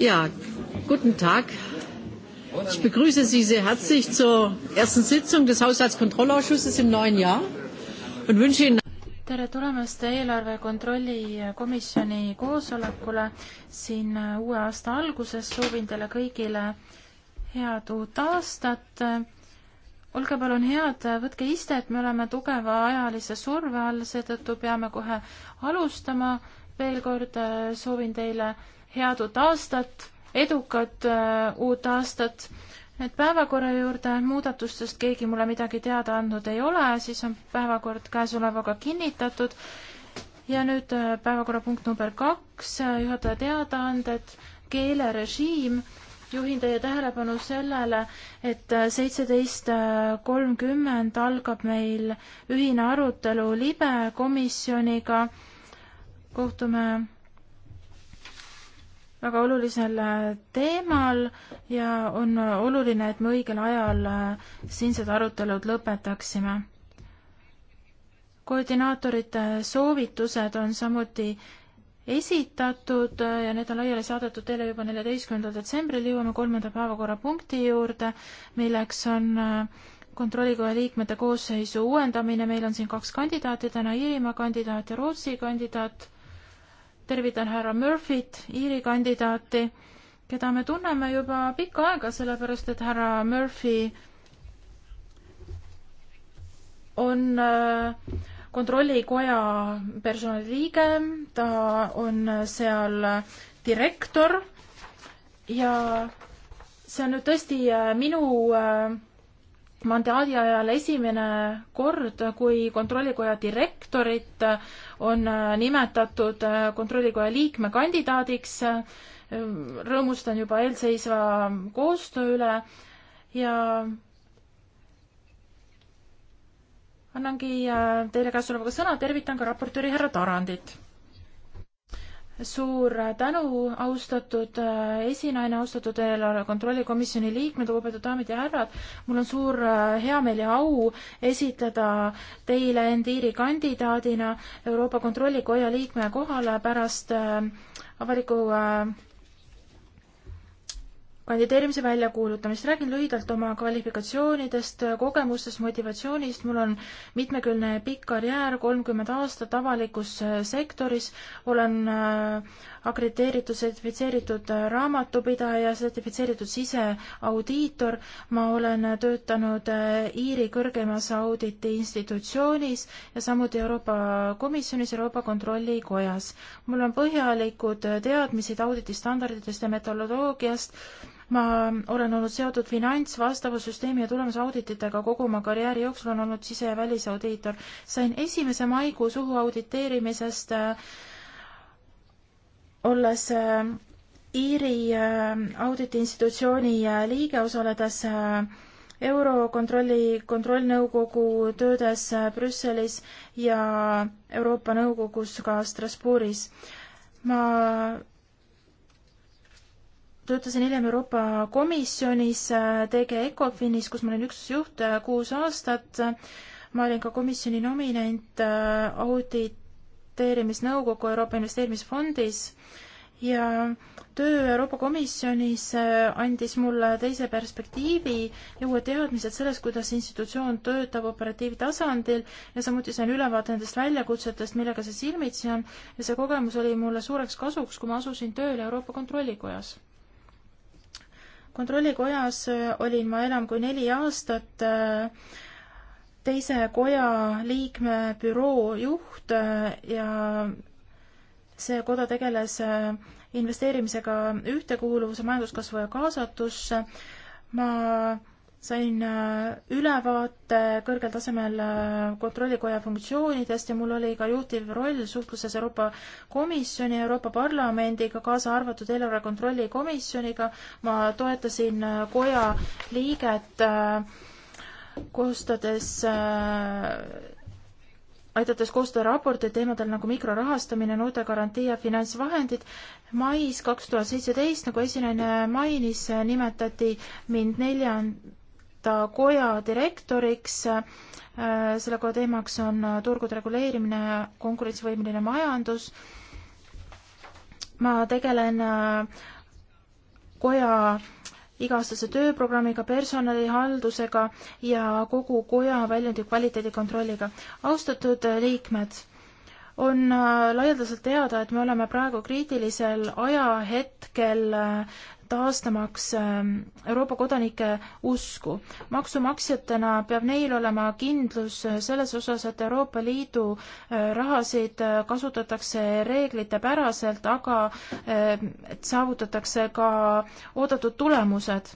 Ja, guten Tag. Ich begrüße Sie sehr herzlich zur ersten Sitzung des Haushaltskontrollausschusses im neuen Jahr und wünsche Ihnen tere tulemast eelarve kontrolli komisjoni koosolekule siin äh, uue aasta alguses. soovin teile kõigile head uut aastat. olge palun head, võtke istet, me oleme tugeva ajalise surve all, seetõttu peame kohe alustama. veel kord äh, soovin teile head uut aastat, edukat äh, uut aastat. et päevakorra juurde muudatustest keegi mulle midagi teada andnud ei ole, siis on päevakord käesolevaga kinnitatud. ja nüüd äh, päevakorrapunkt number kaks äh,, juhataja teadaanded, keelerežiim juhin teie tähelepanu sellele, et äh, seitseteist äh, kolmkümmend algab meil ühine arutelu libe komisjoniga. kohtume väga olulisel äh, teemal ja on äh, oluline, et me õigel ajal äh, siinsed arutelud lõpetaksime. koordinaatorite soovitused on samuti esitatud ja need on laiali saadetud teile juba neljateistkümnendal detsembril, jõuame kolmanda päevakorrapunkti juurde, milleks on kontrollikoja liikmete koosseisu uuendamine, meil on siin kaks kandidaati täna, Iirimaa kandidaat ja Rootsi kandidaat tervitan härra Murphyt, Iiri kandidaati, keda me tunneme juba pikka aega, sellepärast et härra Murphy on äh, kontrollikoja personaliliige, ta on seal direktor ja see on nüüd tõesti äh, minu äh, mandaadi ajal esimene kord, kui kontrollikoja direktorit on äh, nimetatud äh, kontrollikoja liikme kandidaadiks. Äh, rõõmustan juba eelseisva koostöö üle ja annangi teile käesolevaga sõna, tervitan ka raportööri härra Tarandit suur tänu, austatud äh, esinaine, austatud eelarve kontrolli komisjoni liikmed, lugupeetud daamid ja härrad. mul on suur äh, heameel ja au esitleda teile Endiiri kandidaadina Euroopa Kontrollikoja liikme kohale pärast äh, avaliku äh, kandideerimise väljakuulutamist. räägin lühidalt oma kvalifikatsioonidest, kogemustest, motivatsioonist. mul on mitmekülgne pikk karjäär, kolmkümmend aastat avalikus äh, sektoris. olen äh, akrediteeritud, sertifitseeritud äh, raamatupidaja, sertifitseeritud siseaudiitor. ma olen töötanud Iiri kõrgemas auditi institutsioonis ja samuti Euroopa Komisjonis, Euroopa Kontrollikojas. mul on põhjalikud teadmised auditistandarditest ja metodoloogiast ma olen olnud seotud finantsvastavussüsteemi ja tulemusaudititega kogu oma karjääri jooksul, olen olnud sise- ja välisaudiitor. sain esimese maikuu suhu auditeerimisest äh,, olles äh, Iiri äh, auditiinstitutsiooni äh, liige, osaledes äh, Eurokontrolli kontrollnõukogu töödes äh, Brüsselis ja Euroopa Nõukogus ka Strasbourgis. ma töötasin hiljem Euroopa Komisjonis, TG äh, Ecofinis, kus ma olin üksusjuht äh, kuus aastat. ma olin ka komisjoni nominent äh, auditeerimisnõukogu Euroopa Investeerimisfondis ja töö Euroopa Komisjonis andis mulle teise perspektiivi ja uued teadmised sellest, kuidas institutsioon töötab operatiivtasandil ja samuti sain ülevaate nendest väljakutsetest, millega see silmitsi on ja see kogemus oli mulle suureks kasuks, kui ma asusin tööle Euroopa Kontrollikojas kontrollikojas äh, olin ma enam kui neli aastat äh, teise koja liikme büroo juht äh, ja see koda tegeles investeerimisega ühtekuuluvuse, majanduskasvu ja kaasatusse. ma sain äh, ülevaate kõrgel tasemel äh, kontrollikoja funktsioonidest ja mul oli ka juhtiv roll suhtluses Euroopa Komisjoni, Euroopa Parlamendiga, kaasa arvatud eelarve kontrolli komisjoniga. ma toetasin äh, koja liiget koostades aidates koostada raporteid teemadel nagu mikrorahastamine, noortegarantii ja finantsvahendid. mais kaks tuhat seitseteist, nagu esinaine mainis, nimetati mind neljand-, ta koja direktoriks. Äh, selle koja teemaks on äh, turgude reguleerimine, konkurentsivõimeline majandus. ma tegelen äh, koja iga-aastase tööprogrammiga, personalihaldusega ja kogu koja väljundi kvaliteedikontrolliga. austatud liikmed, on laialdaselt teada, et me oleme praegu kriitilisel ajahetkel taastamaks ähm, Euroopa kodanike usku. maksumaksjatena peab neil olema kindlus äh, selles osas, et Euroopa Liidu äh, rahasid äh, kasutatakse reeglitepäraselt, aga et saavutatakse ka oodatud tulemused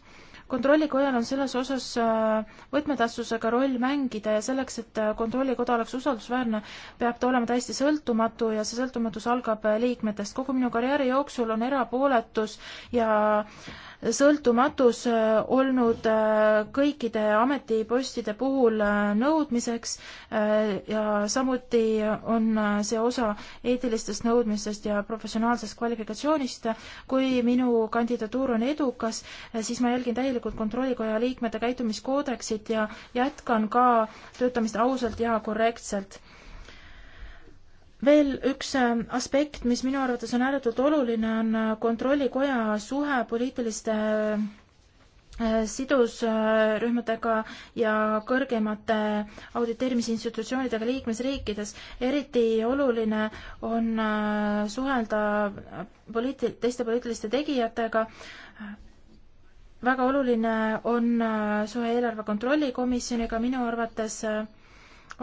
kontrollikojal on selles osas äh, võtmetähtsusega roll mängida ja selleks, et äh, kontrollikoda oleks usaldusväärne, peab ta olema täiesti sõltumatu ja see sõltumatus algab äh, liikmetest. kogu minu karjääri jooksul on erapooletus ja sõltumatus äh, olnud äh, kõikide ametipostide puhul äh, nõudmiseks ja samuti on see osa eetilistest nõudmistest ja professionaalsest kvalifikatsioonist. kui minu kandidatuur on edukas, siis ma jälgin täielikult Kontrollikoja liikmete käitumiskoodeksit ja jätkan ka töötamist ausalt ja korrektselt veel üks äh, aspekt, mis minu arvates on ääretult oluline, on äh, Kontrollikoja suhe poliitiliste äh, sidusrühmadega ja kõrgemate auditeerimisinstitutsioonidega liikmesriikides. eriti oluline on suhelda poliiti-, teiste poliitiliste tegijatega, väga oluline on suhe eelarve kontrolli komisjoniga, minu arvates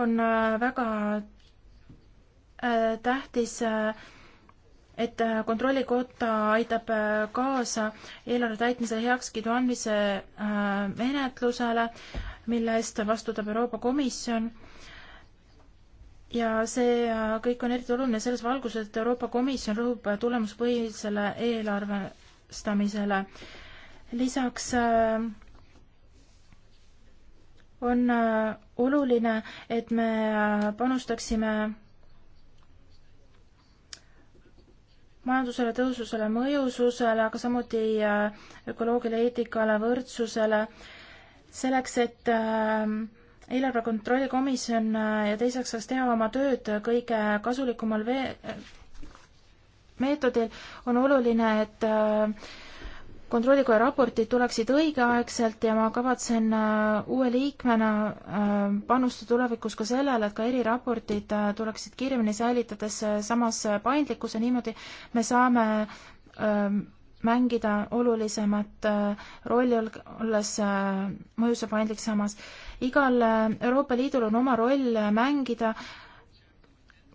on väga Äh, tähtis, äh, et äh, kontrollikotta aitab kaasa eelarve täitmise heakskiidu andmise menetlusele, mille eest vastutab Euroopa Komisjon ja see kõik on eriti oluline selles valguses, et Euroopa Komisjon rõhub tulemuspõhisele eelarvestamisele. lisaks on oluline, et me panustaksime majandusele, tõususele, mõjususele, aga samuti äh, ökoloogile, eetikale, võrdsusele, selleks, et äh, eelarve kontrolli komisjon äh, ja teiseks saaks teha oma tööd kõige kasulikumal vee-, meetodil, on oluline, et kontrollikoja raportid tuleksid õigeaegselt ja ma kavatsen äh, uue liikmena äh, panustada tulevikus ka sellele, et ka eriraportid äh, tuleksid kiiremini, säilitades samas paindlikkuse, niimoodi me saame ähm, mängida olulisemat rolli, olles mõjus ja paindlik samas. igal Euroopa Liidul on oma roll mängida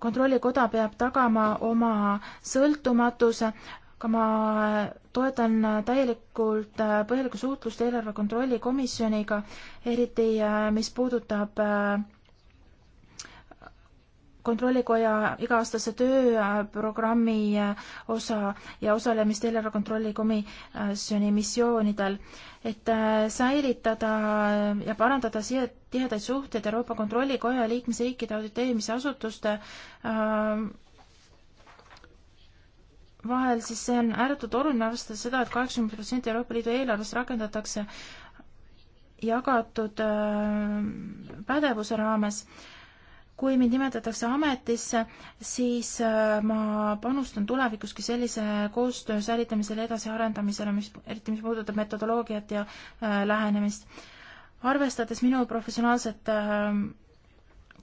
kontrollikoda peab tagama oma sõltumatuse, aga ma toetan täielikult äh, põhjalikku suhtlust eelarve kontrolli komisjoniga, eriti äh, mis puudutab äh, kontrollikoja iga-aastase tööprogrammi osa ja osalemist eelarve kontrolli komisjoni missioonidel, et säilitada ja parandada siia tihedaid suhteid Euroopa Kontrollikoja liikmesriikide auditeerimisasutuste äh, vahel, siis see on ääretult oluline, arvestades seda et, et kaheksakümmend protsenti Euroopa Liidu eelarvest rakendatakse jagatud äh, pädevuse raames. kui mind nimetatakse ametisse, siis äh, ma panustan tulevikuski sellise koostöö säilitamisele, edasiarendamisele, mis, eriti mis puudutab metodoloogiat ja äh, lähenemist. arvestades minu professionaalset äh,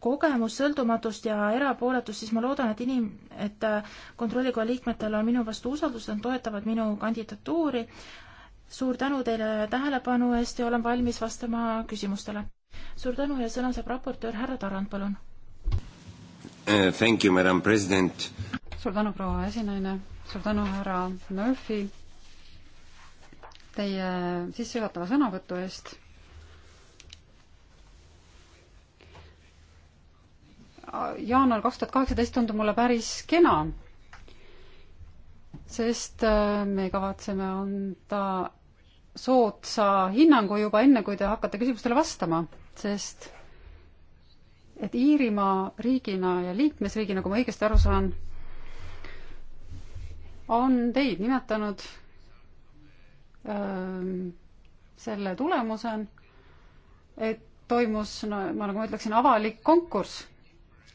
kogemus sõltumatust ja erapooletust, siis ma loodan, et inim-, et äh, kontrollikoja liikmetel on minu vastu usaldus, nad toetavad minu kandidatuuri. suur tänu teile tähelepanu eest ja olen valmis vastama küsimustele. suur tänu ja sõna saab raportöör härra Tarand, palun uh,. Thank you, madam president. suur tänu, proua esinaine, suur tänu, härra Murphy, teie sissejuhatava sõnavõtu eest jaanuar kaks tuhat kaheksateist tundub mulle päris kena, sest äh, me kavatseme anda soodsa hinnangu juba enne, kui te hakkate küsimustele vastama, sest et Iirimaa riigina ja liikmesriigina, kui ma õigesti aru saan, on teid nimetanud öö, ähm, selle tulemusel, et toimus, no ma nagu ma ütleksin, avalik konkurss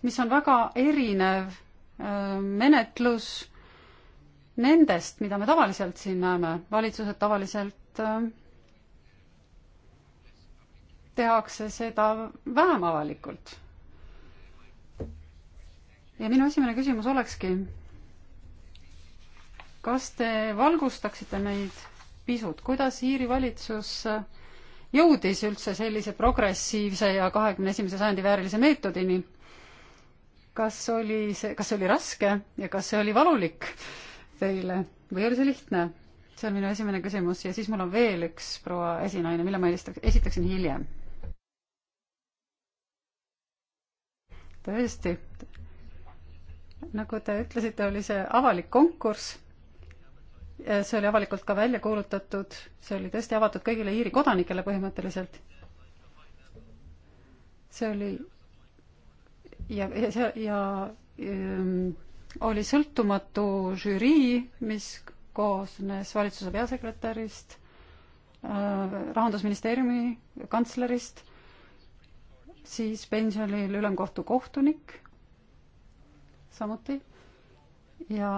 mis on väga erinev äh, menetlus nendest, mida me tavaliselt siin näeme, valitsused tavaliselt äh, tehakse seda vähem avalikult. ja minu esimene küsimus olekski, kas te valgustaksite meid pisut, kuidas Iiri valitsus äh, jõudis üldse sellise progressiivse ja kahekümne esimese sajandi väärilise meetodini, kas oli see, kas see oli raske ja kas see oli valulik teile või oli see lihtne? see on minu esimene küsimus ja siis mul on veel üks proua esinaine, mille ma helistaks, esitaksin hiljem. tõesti, nagu te ütlesite, oli see avalik konkurss. see oli avalikult ka välja kuulutatud, see oli tõesti avatud kõigile Iiri kodanikele põhimõtteliselt. see oli ja, ja see ja ähm, oli sõltumatu žürii, mis koosnes valitsuse peasekretärist äh,, rahandusministeeriumi kantslerist, siis pensionil ülemkohtu kohtunik samuti ja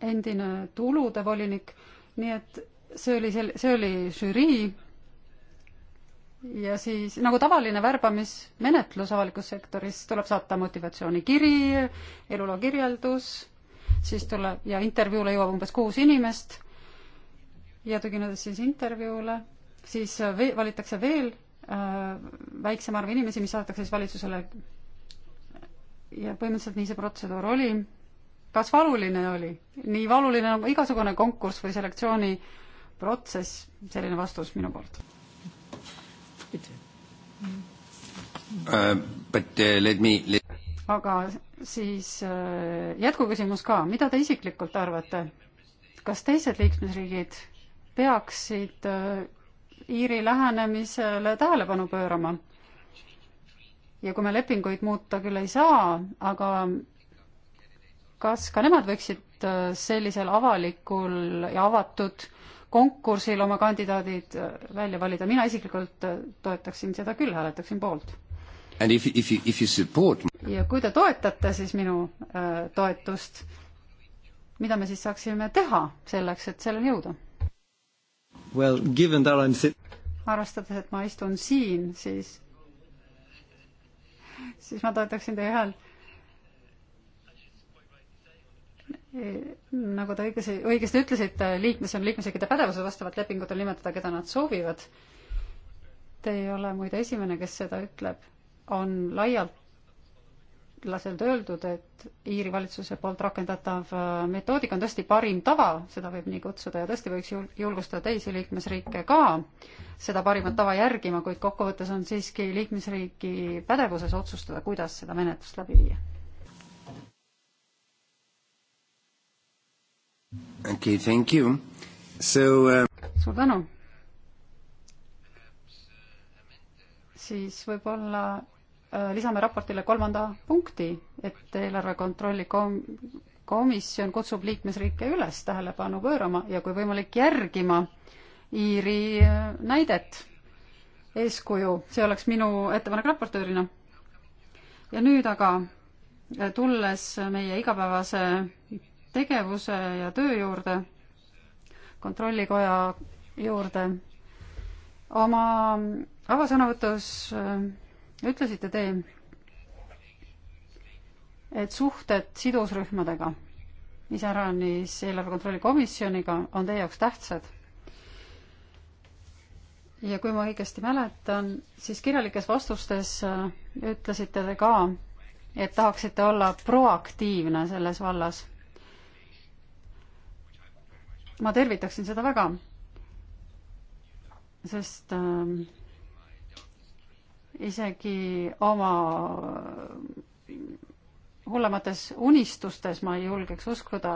endine tulude volinik, nii et see oli sel-, see oli žürii, ja siis nagu tavaline värbamismenetlus avalikus sektoris, tuleb saata motivatsioonikiri, eluloo kirjeldus, siis tuleb ja intervjuule jõuab umbes kuus inimest ja tuginedes siis intervjuule, siis vee, valitakse veel äh, väiksem arv inimesi, mis saadetakse siis valitsusele. ja põhimõtteliselt nii see protseduur oli. kas valuline oli? nii valuline on nagu igasugune konkurss või selektsiooniprotsess, selline vastus minu poolt bitte. Uh, äh, but uh, let me let... aga siis uh, jätkuküsimus ka, mida te isiklikult arvate, kas teised liikmesriigid peaksid uh, Iiri lähenemisele tähelepanu pöörama? ja kui me lepinguid muuta küll ei saa, aga kas ka nemad võiksid sellisel avalikul ja avatud uh, konkursil oma kandidaadid äh, välja valida, mina isiklikult äh, toetaksin seda küll, hääletaksin poolt. If, if, if support... ja kui te toetate siis minu äh, toetust, mida me siis saaksime teha selleks, et selleni jõuda? Well, given that I'm sit-... arvestades, et ma istun siin, siis, siis ma toetaksin teie häält nagu te õigesti, õigesti ütlesite, liikmes on liikmesriikide pädevuse vastavalt lepingutel nimetada, keda nad soovivad. Te ei ole muide esimene, kes seda ütleb. on laialt laselt öeldud, et Iiri valitsuse poolt rakendatav äh, metoodika on tõesti parim tava, seda võib nii kutsuda, ja tõesti võiks julgustada teisi liikmesriike ka seda parimat tava järgima, kuid kokkuvõttes on siiski liikmesriigi pädevuses otsustada, kuidas seda menetlust läbi viia okei okay,, thank you. So uh... suur tänu. siis võib-olla äh, lisame raportile kolmanda punkti, et eelarve kontrolli kom-, komisjon kutsub liikmesriike üles tähelepanu pöörama ja kui võimalik, järgima Iiri äh, näidet, eeskuju, see oleks minu ettepanek raportöörina. ja nüüd aga, äh, tulles meie igapäevase tegevuse ja töö juurde, kontrollikoja juurde. oma avasõnavõtus äh, ütlesite te, et suhted sidusrühmadega, iseäranis eelarve kontrolli komisjoniga, on teie jaoks tähtsad. ja kui ma õigesti mäletan, siis kirjalikes vastustes äh, ütlesite te ka, et tahaksite olla proaktiivne selles vallas ma tervitaksin seda väga, sest ähm, isegi oma äh, hullemates unistustes ma ei julgeks uskuda,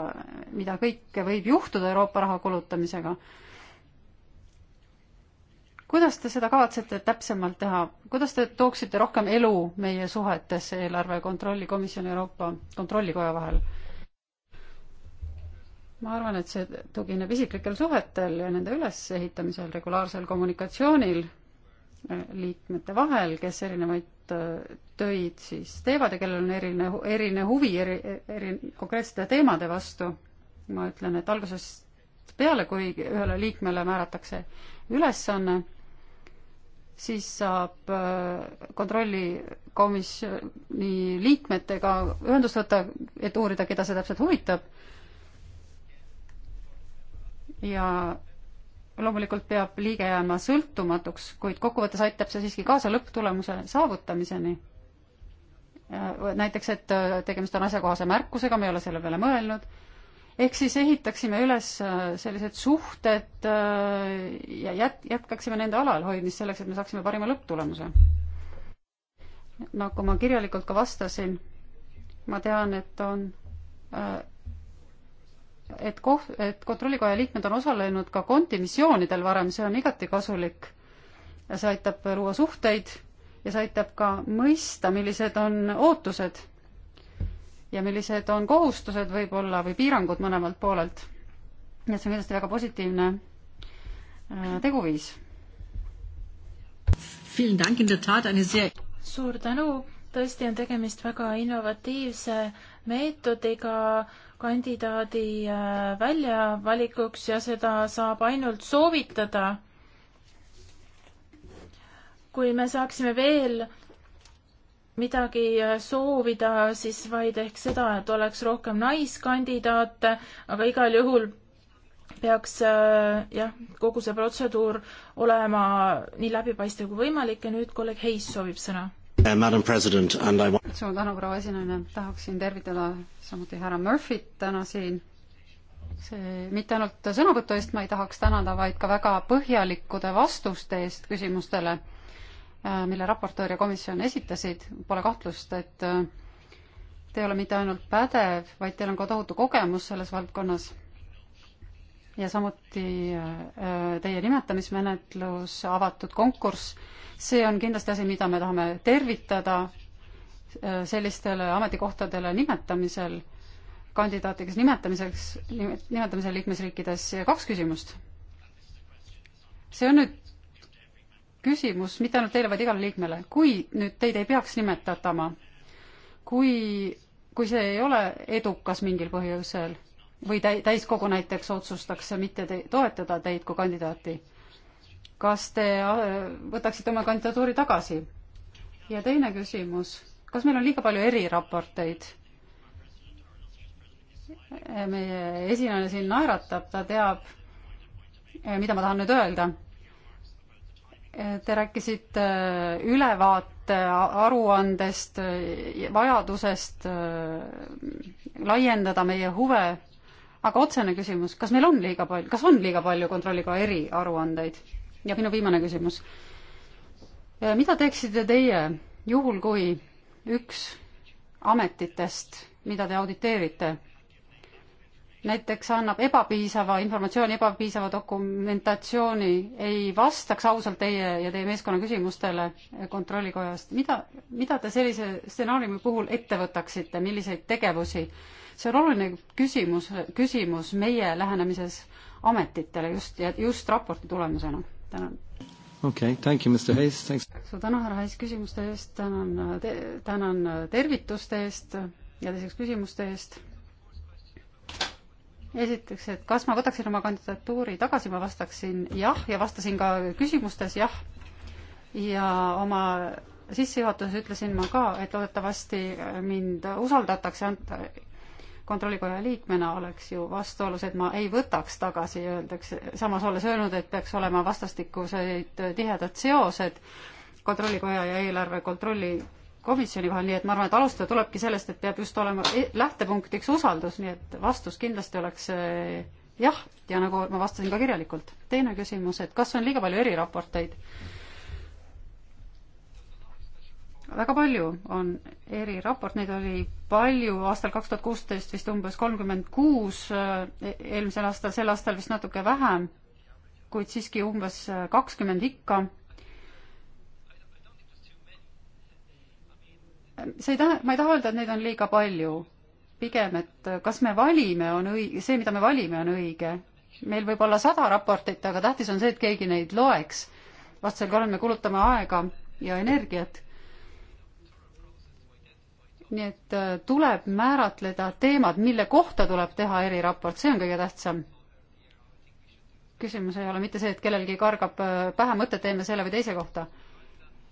mida kõike võib juhtuda Euroopa raha kulutamisega. kuidas te seda kavatsete täpsemalt teha, kuidas te tooksite rohkem elu meie suhetesse eelarve kontrolli komisjoni Euroopa Kontrollikoja vahel? ma arvan, et see tugineb isiklikel suhetel ja nende ülesehitamisel, regulaarsel kommunikatsioonil eh, liikmete vahel, kes erinevaid eh, töid siis teevad ja kellel on erinev, erinev huvi eri, eri konkreetsete teemade vastu. ma ütlen, et algusest peale, kui ühele liikmele määratakse ülesanne, siis saab eh, kontrollikomisjoni liikmetega ühendust võtta, et uurida, keda see täpselt huvitab ja loomulikult peab liige jääma sõltumatuks, kuid kokkuvõttes aitab see siiski kaasa lõpptulemuse saavutamiseni. näiteks, et äh, tegemist on asjakohase märkusega, me ei ole selle peale mõelnud, ehk siis ehitaksime üles äh, sellised suhted äh, ja jät-, jätkaksime nende alalhoidmist selleks, et me saaksime parima lõpptulemuse. nagu ma kirjalikult ka vastasin, ma tean, et on et koht, et Kontrollikoja liikmed on osalenud ka Konti missioonidel varem, see on igati kasulik. see aitab luua suhteid ja see aitab ka mõista, millised on ootused ja millised on kohustused võib-olla või piirangud mõlemalt poolelt. nii et see on kindlasti väga positiivne äh, teguviis. suur tänu, tõesti on tegemist väga innovatiivse meetodiga kandidaadi äh, väljavalikuks ja seda saab ainult soovitada. kui me saaksime veel midagi äh, soovida, siis vaid ehk seda, et oleks rohkem naiskandidaate, aga igal juhul peaks äh, jah, kogu see protseduur olema nii läbipaistev kui võimalik ja nüüd kolleeg Heiss soovib sõna Uh, suur tänu, proua esinaine, tahaksin tervitada samuti härra Murphyt täna siin. see, mitte ainult sõnavõtu eest ma ei tahaks tänada, vaid ka väga põhjalikkude vastuste eest küsimustele, äh, mille raportöör ja komisjon esitasid, pole kahtlust, et äh, te ei ole mitte ainult pädev, vaid teil on ka tohutu kogemus selles valdkonnas. ja samuti äh, teie nimetamismenetlus, avatud konkurss see on kindlasti asi, mida me tahame tervitada äh, sellistele ametikohtadele nimetamisel, kandidaatideks nimetamiseks, nimetamisel liikmesriikides ja kaks küsimust. see on nüüd küsimus mitte ainult teile, vaid igale liikmele. kui nüüd teid ei peaks nimetatama, kui, kui see ei ole edukas mingil põhjusel või täiskogu näiteks otsustaks mitte te toetada teid kui kandidaati kas te äh, võtaksite oma kandidatuuri tagasi? ja teine küsimus, kas meil on liiga palju eriraporteid? Äh, meie esinejana siin naeratab, ta teab, äh, mida ma tahan nüüd öelda. Te rääkisite ülevaate aruandest, vajadusest laiendada meie huve aga otsene küsimus, kas meil on liiga palju, kas on liiga palju kontrollikoja eriaruandeid? ja minu viimane küsimus. Äh, mida teeksite teie juhul, kui üks ametitest, mida te auditeerite, näiteks annab ebapiisava informatsiooni, ebapiisava dokumentatsiooni, ei vastaks ausalt teie ja teie meeskonna küsimustele Kontrollikojast, mida, mida te sellise stsenaariumi puhul ette võtaksite, milliseid tegevusi? see on oluline küsimus, küsimus meie lähenemises ametitele just, just raporti tulemusena tänan. okei okay,, thank you, Mr Hayes, thanks. suur tänu, härra Hayes, küsimuste eest, tänan te,, tänan tervituste eest ja teiseks küsimuste eest. esiteks, et kas ma võtaksin oma kandidatuuri tagasi, ma vastaksin jah ja vastasin ka küsimustes jah. ja oma sissejuhatuses ütlesin ma ka, et loodetavasti mind usaldatakse, kontrollikoja liikmena oleks ju vastuolus, et ma ei võtaks tagasi, öeldakse, samas olles öelnud, et peaks olema vastastikuseid tihedad seosed kontrollikoja ja eelarve kontrolli komisjoni vahel, nii et ma arvan, et alustada tulebki sellest, et peab just olema e-, lähtepunktiks usaldus, nii et vastus kindlasti oleks eh, jah, ja nagu ma vastasin ka kirjalikult. teine küsimus, et kas on liiga palju eriraporteid? väga palju on eriraport, neid oli palju, aastal kaks tuhat kuusteist vist umbes kolmkümmend kuus, e-, eelmisel aastal, sel aastal vist natuke vähem, kuid siiski umbes kakskümmend ikka. see ei tähe-, ma ei taha öelda, et neid on liiga palju. pigem, et kas me valime, on õige, see, mida me valime, on õige. meil võib olla sada raportit, aga tähtis on see, et keegi neid loeks. vastasel korral me kulutame aega ja energiat nii et äh, tuleb määratleda teemad, mille kohta tuleb teha eriraport, see on kõige tähtsam. küsimus ei ole mitte see, et kellelgi kargab äh, pähe mõte, teeme selle või teise kohta.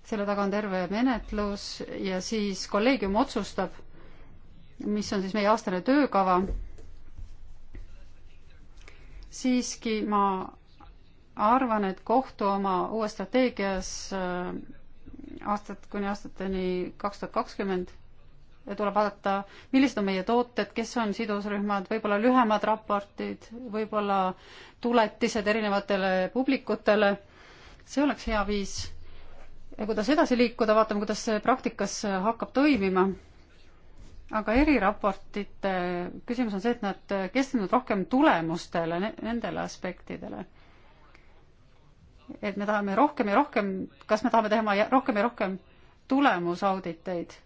selle taga on terve menetlus ja siis kolleegium otsustab, mis on siis meie aastane töökava. siiski ma arvan, et kohtu oma uues strateegias äh, aastat kuni aastateni kaks tuhat kakskümmend tuleb vaadata, millised on meie tooted, kes on sidusrühmad, võib-olla lühemad raportid, võib-olla tuletised erinevatele publikutele. see oleks hea viis. ja kuidas edasi liikuda, vaatame, kuidas see praktikas hakkab toimima. aga eriraportite küsimus on see, et nad keskenduvad rohkem tulemustele, nendele aspektidele et me tahame rohkem ja rohkem, kas me tahame teha rohkem ja rohkem tulemusauditeid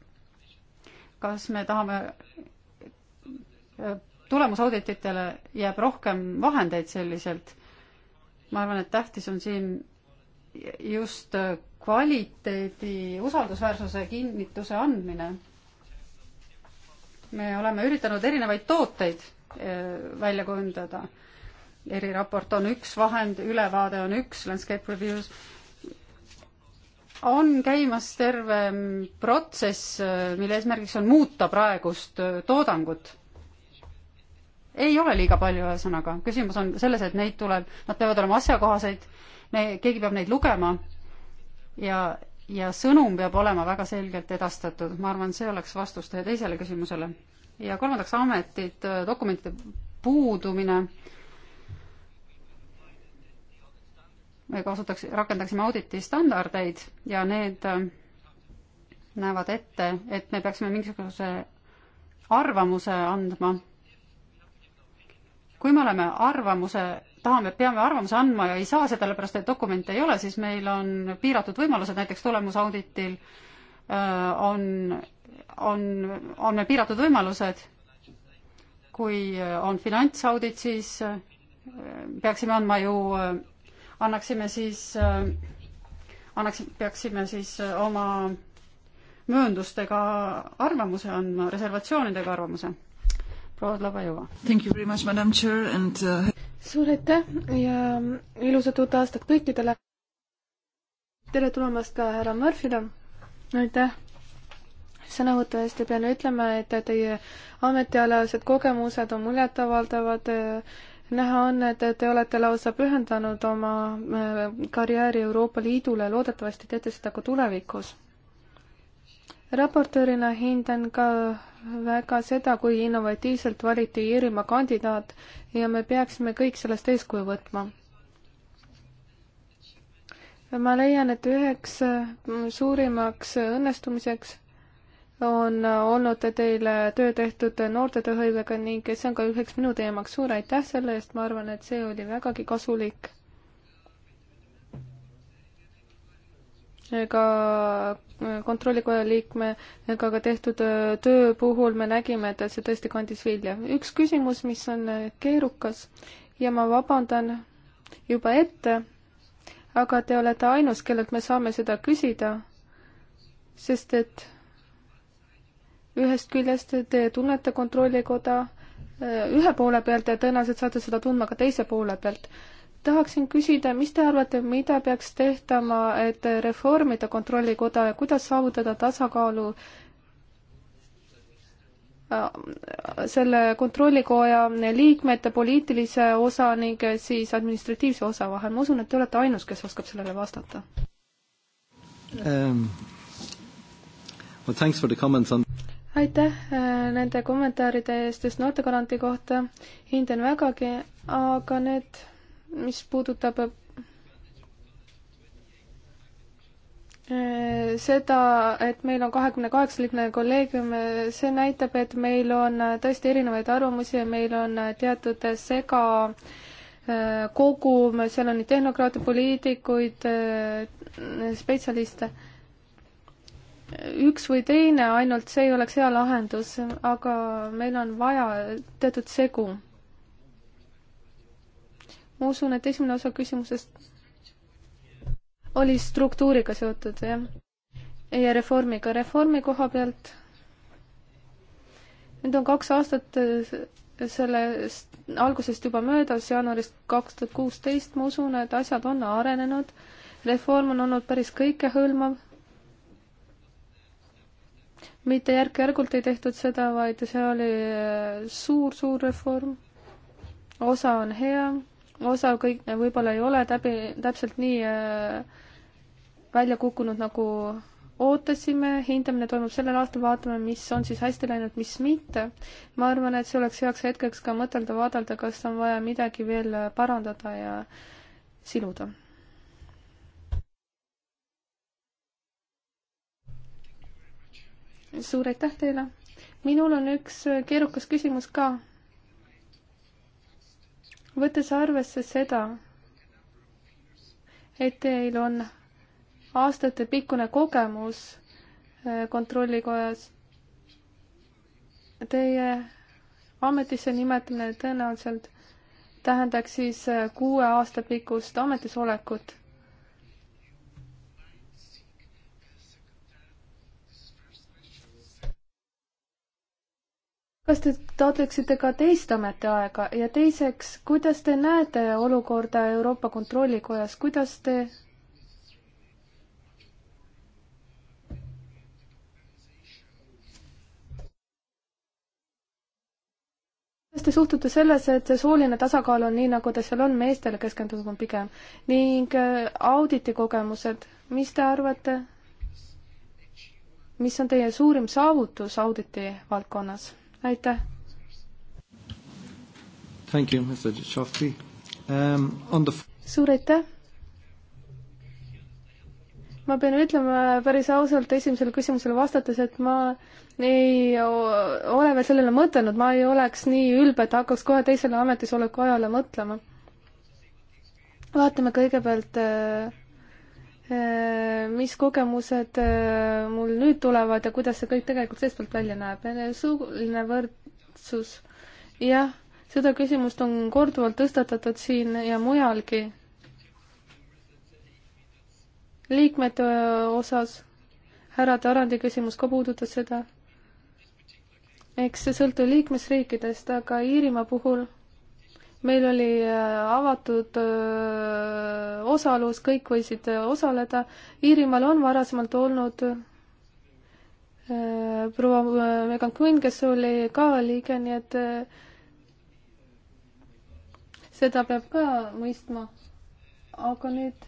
kas me tahame tulemusaudititele jääb rohkem vahendeid selliselt. ma arvan, et tähtis on siin just kvaliteedi usaldusväärsuse kinnituse andmine. me oleme üritanud erinevaid tooteid eh, välja kujundada. eriraport on üks vahend, ülevaade on üks, landscape reviews on käimas terve protsess, mille eesmärgiks on muuta praegust toodangut. ei ole liiga palju, ühesõnaga. küsimus on selles, et neid tuleb, nad peavad olema asjakohaseid, keegi peab neid lugema ja, ja sõnum peab olema väga selgelt edastatud. ma arvan, see oleks vastus teie teisele küsimusele. ja kolmandaks, ametid, dokumentide puudumine me kasutaks, rakendaksime auditi standardeid ja need äh, näevad ette, et me peaksime mingisuguse arvamuse andma. kui me oleme arvamuse, tahame, peame arvamuse andma ja ei saa seda, sellepärast et dokumente ei ole, siis meil on piiratud võimalused, näiteks tulemusauditil äh, on, on, on meil piiratud võimalused. kui äh, on finantsaudit, siis peaksime andma ju annaksime siis, äh, annaks, peaksime siis äh, oma mööndustega arvamuse andma, reservatsioonidega arvamuse. proua Dlabajova. Uh... suur aitäh ja ilusat uut aastat kõikidele. tere tulemast ka härra Murphy'le. aitäh sõnavõtu eest ja pean ütlema, et teie ametialased kogemused on muljetavaldavad näha on, et te olete lausa pühendanud oma äh, karjääri Euroopa Liidule, loodetavasti teete seda ka tulevikus. raportöörina hindan ka väga seda, kui innovatiivselt valiti Iirimaa kandidaat ja me peaksime kõik sellest eeskuju võtma. ma leian, et üheks mm, suurimaks õnnestumiseks on olnud teil töö tehtud noorte tööhõivega ning see on ka üheks minu teemaks. suur aitäh selle eest, ma arvan, et see oli vägagi kasulik. ka kontrollikoja liikmega ka tehtud töö puhul me nägime, et see tõesti kandis vilja. üks küsimus, mis on keerukas ja ma vabandan juba ette, aga te olete ainus, kellelt me saame seda küsida, sest et ühest küljest te tunnete Kontrollikoda äh, ühe poole pealt ja tõenäoliselt saate seda tundma ka teise poole pealt. tahaksin küsida, mis te arvate, mida peaks tehtama, et reformida Kontrollikoda ja kuidas saavutada tasakaalu äh, selle kontrollikoja liikmete poliitilise osa ning siis administratiivse osa vahel, ma usun, et te olete ainus, kes oskab sellele vastata um,. Well, thanks for the comments on aitäh äh, nende kommentaaride eest just noortegarantii kohta, hindan vägagi, aga need, mis puudutab äh, seda, et meil on kahekümne kaheksa liikmeline kolleegium, see näitab, et meil on tõesti erinevaid arvamusi ja meil on teatud sega äh, kogum, seal on nii tehnokraate, poliitikuid, spetsialiste üks või teine ainult, see ei oleks hea lahendus, aga meil on vaja teatud segu. ma usun, et esimene osa küsimusest oli struktuuriga seotud, jah. ja reformiga, reformi koha pealt. nüüd on kaks aastat äh, sellest algusest juba möödas, jaanuarist kaks tuhat kuusteist, ma usun, et asjad on arenenud. reform on olnud päris kõikehõlmav mitte järk-järgult ei tehtud seda, vaid see oli suur-suur äh, reform. osa on hea, osa kõik võib-olla ei ole täbi, täpselt nii äh, välja kukkunud, nagu ootasime, hindamine toimub sellel aastal, vaatame, mis on siis hästi läinud, mis mitte. ma arvan, et see oleks heaks hetkeks ka mõtelda, vaadata, kas on vaja midagi veel äh, parandada ja siluda. suur aitäh teile. minul on üks äh, keerukas küsimus ka. võttes arvesse seda, et teil on aastatepikkune kogemus äh, kontrollikojas, teie ametisse nimetamine tõenäoliselt tähendaks siis äh, kuue aasta pikkust ametisolekut kas te taotleksite ka teist ametiaega ja teiseks, kuidas te näete olukorda Euroopa Kontrollikojas, kuidas te kuidas te suhtute sellesse, et see sooline tasakaal on nii, nagu ta seal on, meestele keskendub on pigem ning äh, auditi kogemused, mis te arvate, mis on teie suurim saavutus auditi valdkonnas? aitäh. Um, the... suur aitäh. ma pean ütlema päris ausalt esimesele küsimusele vastates, et ma ei ole veel sellele mõtelnud, ma ei oleks nii ülbe, et hakkaks kohe teisele ametisoleku ajale mõtlema. vaatame kõigepealt äh, Äh, mis kogemused äh, mul nüüd tulevad ja kuidas see kõik tegelikult seestpoolt välja näeb. Äh, suguline võrdsus, jah, seda küsimust on korduvalt tõstatatud siin ja mujalgi. liikmete osas, härra Tarandi küsimus ka puudutas seda. eks see sõltub liikmesriikidest, aga Iirimaa puhul meil oli äh, avatud äh, osalus, kõik võisid äh, osaleda. Iirimaal on varasemalt olnud proua Megan Quinn, kes oli ka liige, nii et seda peab ka mõistma. aga nüüd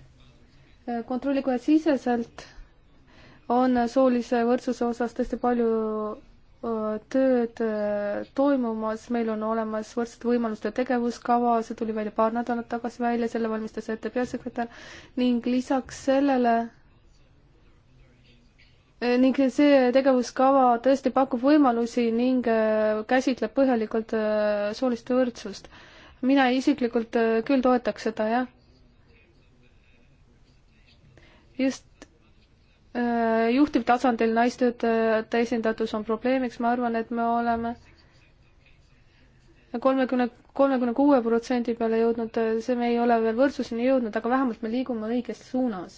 kontrollikoja siseselt on soolise võrdsuse osas tõesti palju Äh, tööd äh, toimumas, meil on olemas võrdsete võimaluste tegevuskava, see tuli välja paar nädalat tagasi välja, selle valmistas ette peasekretär ning lisaks sellele äh, ning see tegevuskava tõesti pakub võimalusi ning käsitleb põhjalikult soolist võrdsust. mina isiklikult küll toetaks seda, jah. just Äh, juhtivtasandil naistöötajate esindatus on probleemiks, ma arvan, et me oleme kolmekümne, kolmekümne kuue protsendi peale jõudnud, see me ei ole veel võrdsuseni jõudnud, aga vähemalt me liigume õiges suunas.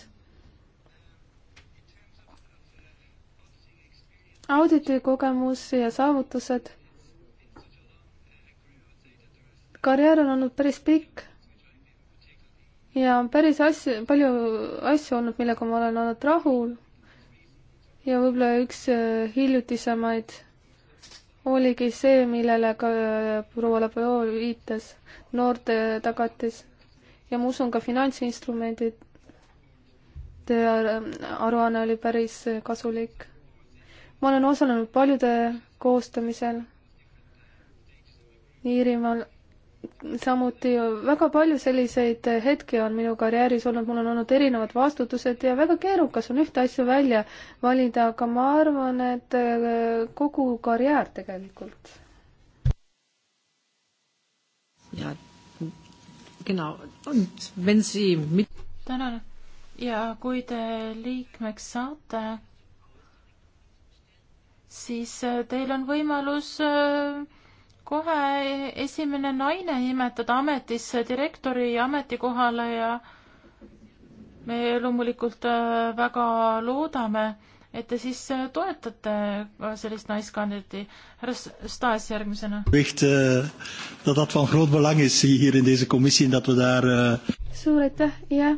auditikogemus ja saavutused. karjäär on olnud päris pikk ja on päris asju, palju asju olnud, millega ma olen olnud rahul ja võib-olla üks äh, hiljutisemaid oligi see, millele ka äh, proua Labeo viitas, noorte tagatis ja ma usun ka finantsinstrumendid. Teie äh, aruanne oli päris kasulik. ma olen osalenud paljude koostamisel Iirimaal samuti väga palju selliseid hetki on minu karjääris olnud, mul on olnud erinevad vastutused ja väga keerukas on ühte asja välja valida, aga ma arvan, et äh, kogu karjäär tegelikult. ja, genau, und wenn Sie mit tänan ja kui te liikmeks saate, siis äh, teil on võimalus äh, kohe esimene naine nimetada ametisse direktori ametikohale ja me loomulikult äh, väga loodame, et te siis äh, toetate ka äh, sellist naiskandidaati. härra Staes järgmisena. suur aitäh, jah.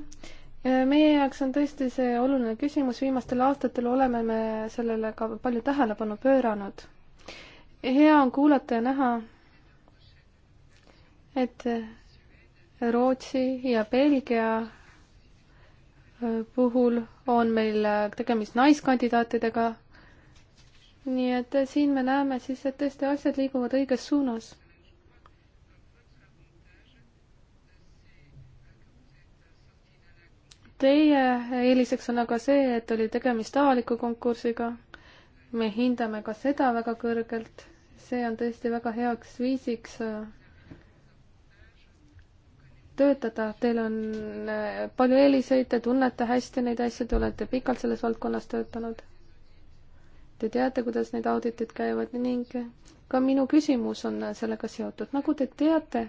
meie jaoks on tõesti see oluline küsimus, viimastel aastatel oleme me sellele ka palju tähelepanu pööranud hea on kuulata ja näha, et Rootsi ja Belgia puhul on meil tegemist naiskandidaatidega. nii et siin me näeme siis, et tõesti asjad liiguvad õiges suunas. Teie eeliseks on aga see, et oli tegemist avaliku konkursiga me hindame ka seda väga kõrgelt, see on tõesti väga heaks viisiks äh, töötada, teil on äh, palju eeliseid, te tunnete hästi neid asju, te olete pikalt selles valdkonnas töötanud. Te teate, kuidas need auditid käivad ning ka minu küsimus on sellega seotud, nagu te teate,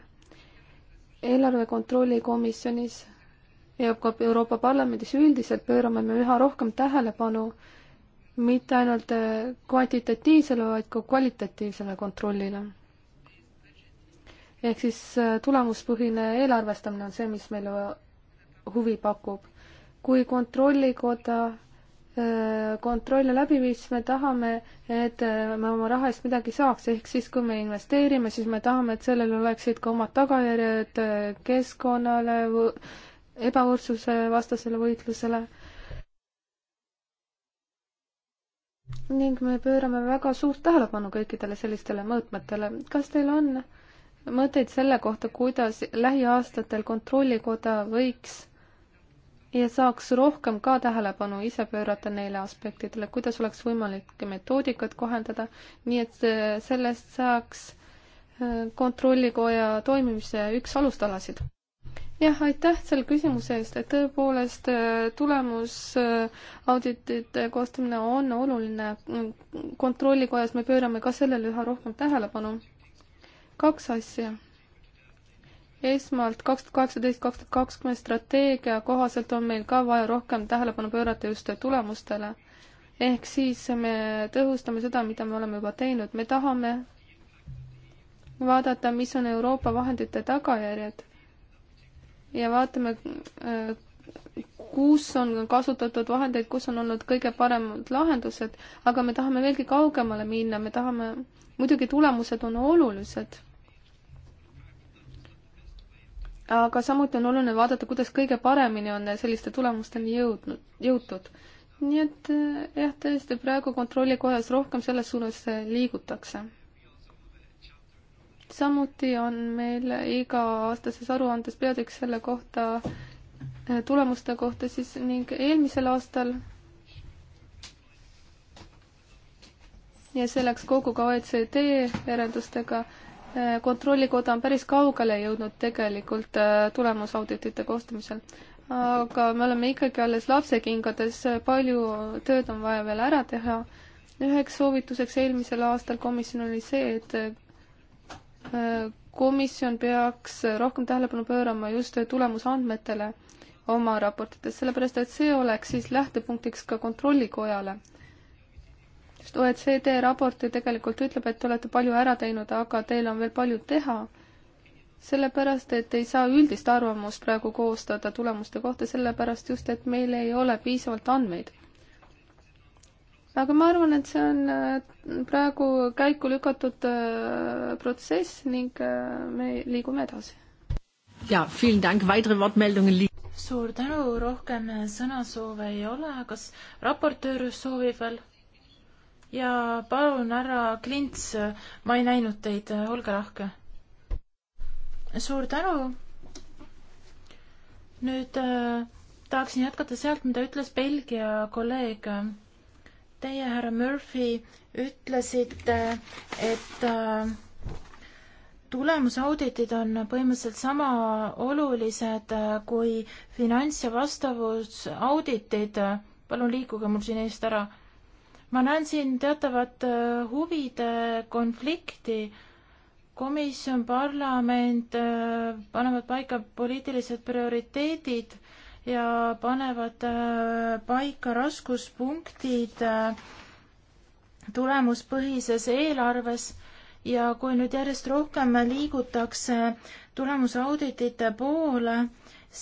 eelarve kontrolli komisjonis ja ka Euroopa Parlamendis üldiselt pöörame me üha rohkem tähelepanu mitte ainult äh, kvantitatiivsele, vaid ka kvalitatiivsele kontrollile. ehk siis äh, tulemuspõhine eelarvestamine on see, mis meile huvi pakub. kui kontrollikoda äh, kontrolle läbi viis, me tahame, et me oma raha eest midagi saaks, ehk siis kui me investeerime, siis me tahame, et sellel oleksid ka omad tagajärjed keskkonnale, ebavõrdsuse vastasele võitlusele ning me pöörame väga suurt tähelepanu kõikidele sellistele mõõtmetele. kas teil on mõtteid selle kohta, kuidas lähiaastatel Kontrollikoda võiks ja saaks rohkem ka tähelepanu ise pöörata neile aspektidele, kuidas oleks võimalik metoodikat kohendada, nii et äh, sellest saaks äh, kontrollikoja toimimise üks alustalasid? jah, aitäh selle küsimuse eest, et tõepoolest äh, tulemusauditite äh, koostamine on oluline. Mm, kontrollikojas me pöörame ka sellele üha rohkem tähelepanu. kaks asja. esmalt kaks tuhat kaheksateist, kaks tuhat kakskümmend strateegia kohaselt on meil ka vaja rohkem tähelepanu pöörata just tulemustele. ehk siis me tõhustame seda, mida me oleme juba teinud, me tahame vaadata, mis on Euroopa vahendite tagajärjed ja vaatame, äh, kus on kasutatud vahendeid, kus on olnud kõige paremad lahendused, aga me tahame veelgi kaugemale minna, me tahame, muidugi tulemused on olulised. aga samuti on oluline vaadata, kuidas kõige paremini on selliste tulemusteni jõudnud, jõutud. nii et äh, jah, tõesti praegu kontrollikojas rohkem selles suunas äh, liigutakse samuti on meil iga-aastases aruandes peatükk selle kohta, äh, tulemuste kohta siis ning eelmisel aastal ja see läks kogu ka OECD järeldustega, äh, kontrollikoda on päris kaugele jõudnud tegelikult äh, tulemusauditite koostamisel. aga me oleme ikkagi alles lapsekingades, palju tööd on vaja veel ära teha. üheks soovituseks eelmisel aastal komisjon oli see, et komisjon peaks rohkem tähelepanu pöörama just tulemusandmetele oma raportites, sellepärast et see oleks siis lähtepunktiks ka Kontrollikojale. sest OECD raport ju tegelikult ütleb, et te olete palju ära teinud, aga teil on veel palju teha, sellepärast et ei saa üldist arvamust praegu koostada tulemuste kohta, sellepärast just, et meil ei ole piisavalt andmeid aga ma arvan, et see on äh, praegu käiku lükatud äh, protsess ning äh, me liigume edasi. ja, suur tänu, rohkem sõnasoove ei ole, kas raportöör soovib veel? ja palun, härra Klints, ma ei näinud teid, olge lahke. suur tänu. nüüd äh, tahaksin jätkata sealt, mida ütles Belgia kolleeg Teie, härra Murphy, ütlesite, et äh, tulemusauditid on põhimõtteliselt sama olulised äh, kui finants- ja vastavusauditid. palun liikuge mul siin eest ära. ma näen siin teatavat äh, huvide konflikti. komisjon, parlament panevad paika poliitilised prioriteedid ja panevad äh, paika raskuspunktid äh, tulemuspõhises eelarves ja kui nüüd järjest rohkem liigutakse tulemusauditite poole,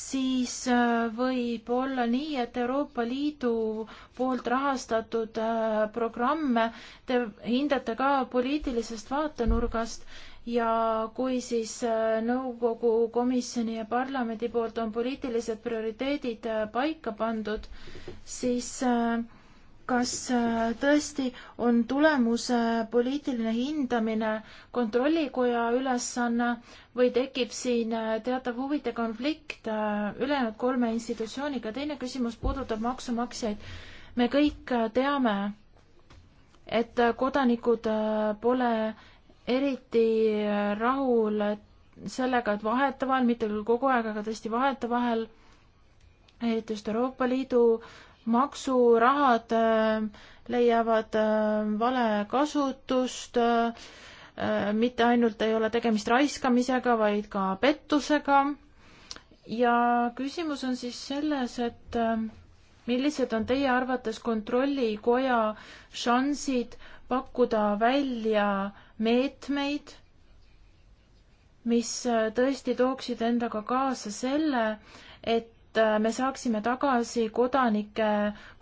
siis äh, võib olla nii, et Euroopa Liidu poolt rahastatud programme te hindate ka poliitilisest vaatenurgast ja kui siis äh, nõukogu, komisjoni ja parlamendi poolt on poliitilised prioriteedid äh, paika pandud, siis äh, kas tõesti on tulemuse poliitiline hindamine kontrollikoja ülesanne või tekib siin teatav huvide konflikt ülejäänud kolme institutsiooniga? teine küsimus puudutab maksumaksjaid. me kõik teame, et kodanikud pole eriti rahul sellega, et vahetevahel, mitte küll kogu aeg, aga tõesti vahetevahel, et just Euroopa Liidu maksurahad äh, leiavad äh, vale kasutust, äh, mitte ainult ei ole tegemist raiskamisega, vaid ka pettusega. ja küsimus on siis selles, et millised on teie arvates Kontrollikoja šansid pakkuda välja äh, meetmeid, mis äh, tõesti tooksid endaga kaasa selle, et äh, me saaksime tagasi kodanike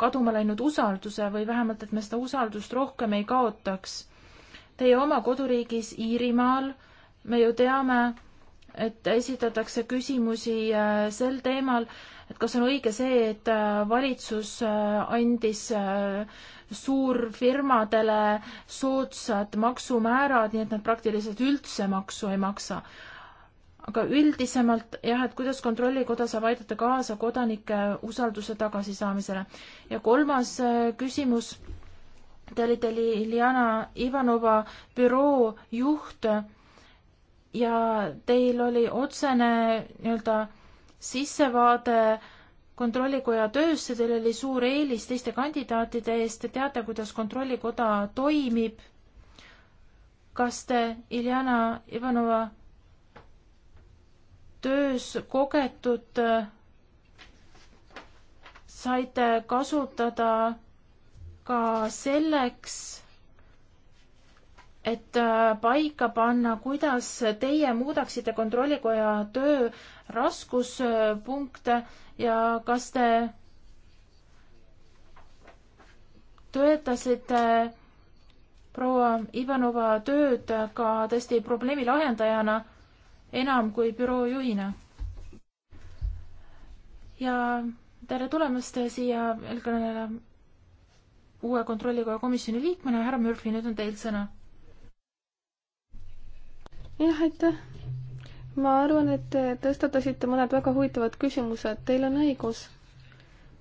kaduma läinud usalduse või vähemalt, et me seda usaldust rohkem ei kaotaks. Teie oma koduriigis Iirimaal me ju teame, et esitatakse küsimusi äh, sel teemal, et kas on õige see, et valitsus andis suurfirmadele soodsad maksumäärad, nii et nad praktiliselt üldse maksu ei maksa. aga üldisemalt jah, et kuidas Kontrollikoda saab aidata kaasa kodanike usalduse tagasisaamisele. ja kolmas äh, küsimus, te olite Iljana Ivanova büroo juht ja teil oli otsene nii-öelda sissevaade äh, kontrollikoja töösse, teil oli suur eelis teiste kandidaatide eest, te teate, kuidas kontrollikoda toimib. kas te Iljana Ivanova töös kogetud saite kasutada ka selleks, et paika panna, kuidas teie muudaksite kontrollikoja töö raskuspunkte ja kas te töötasite proua Ivanova tööd ka tõesti probleemi lahendajana enam kui büroo juhina. ja tere tulemast siia eelkõneleja uue kontrollikoja komisjoni liikmena, härra Murphy, nüüd on teil sõna. jah, aitäh ma arvan, et te tõstatasite mõned väga huvitavad küsimused, teil on õigus.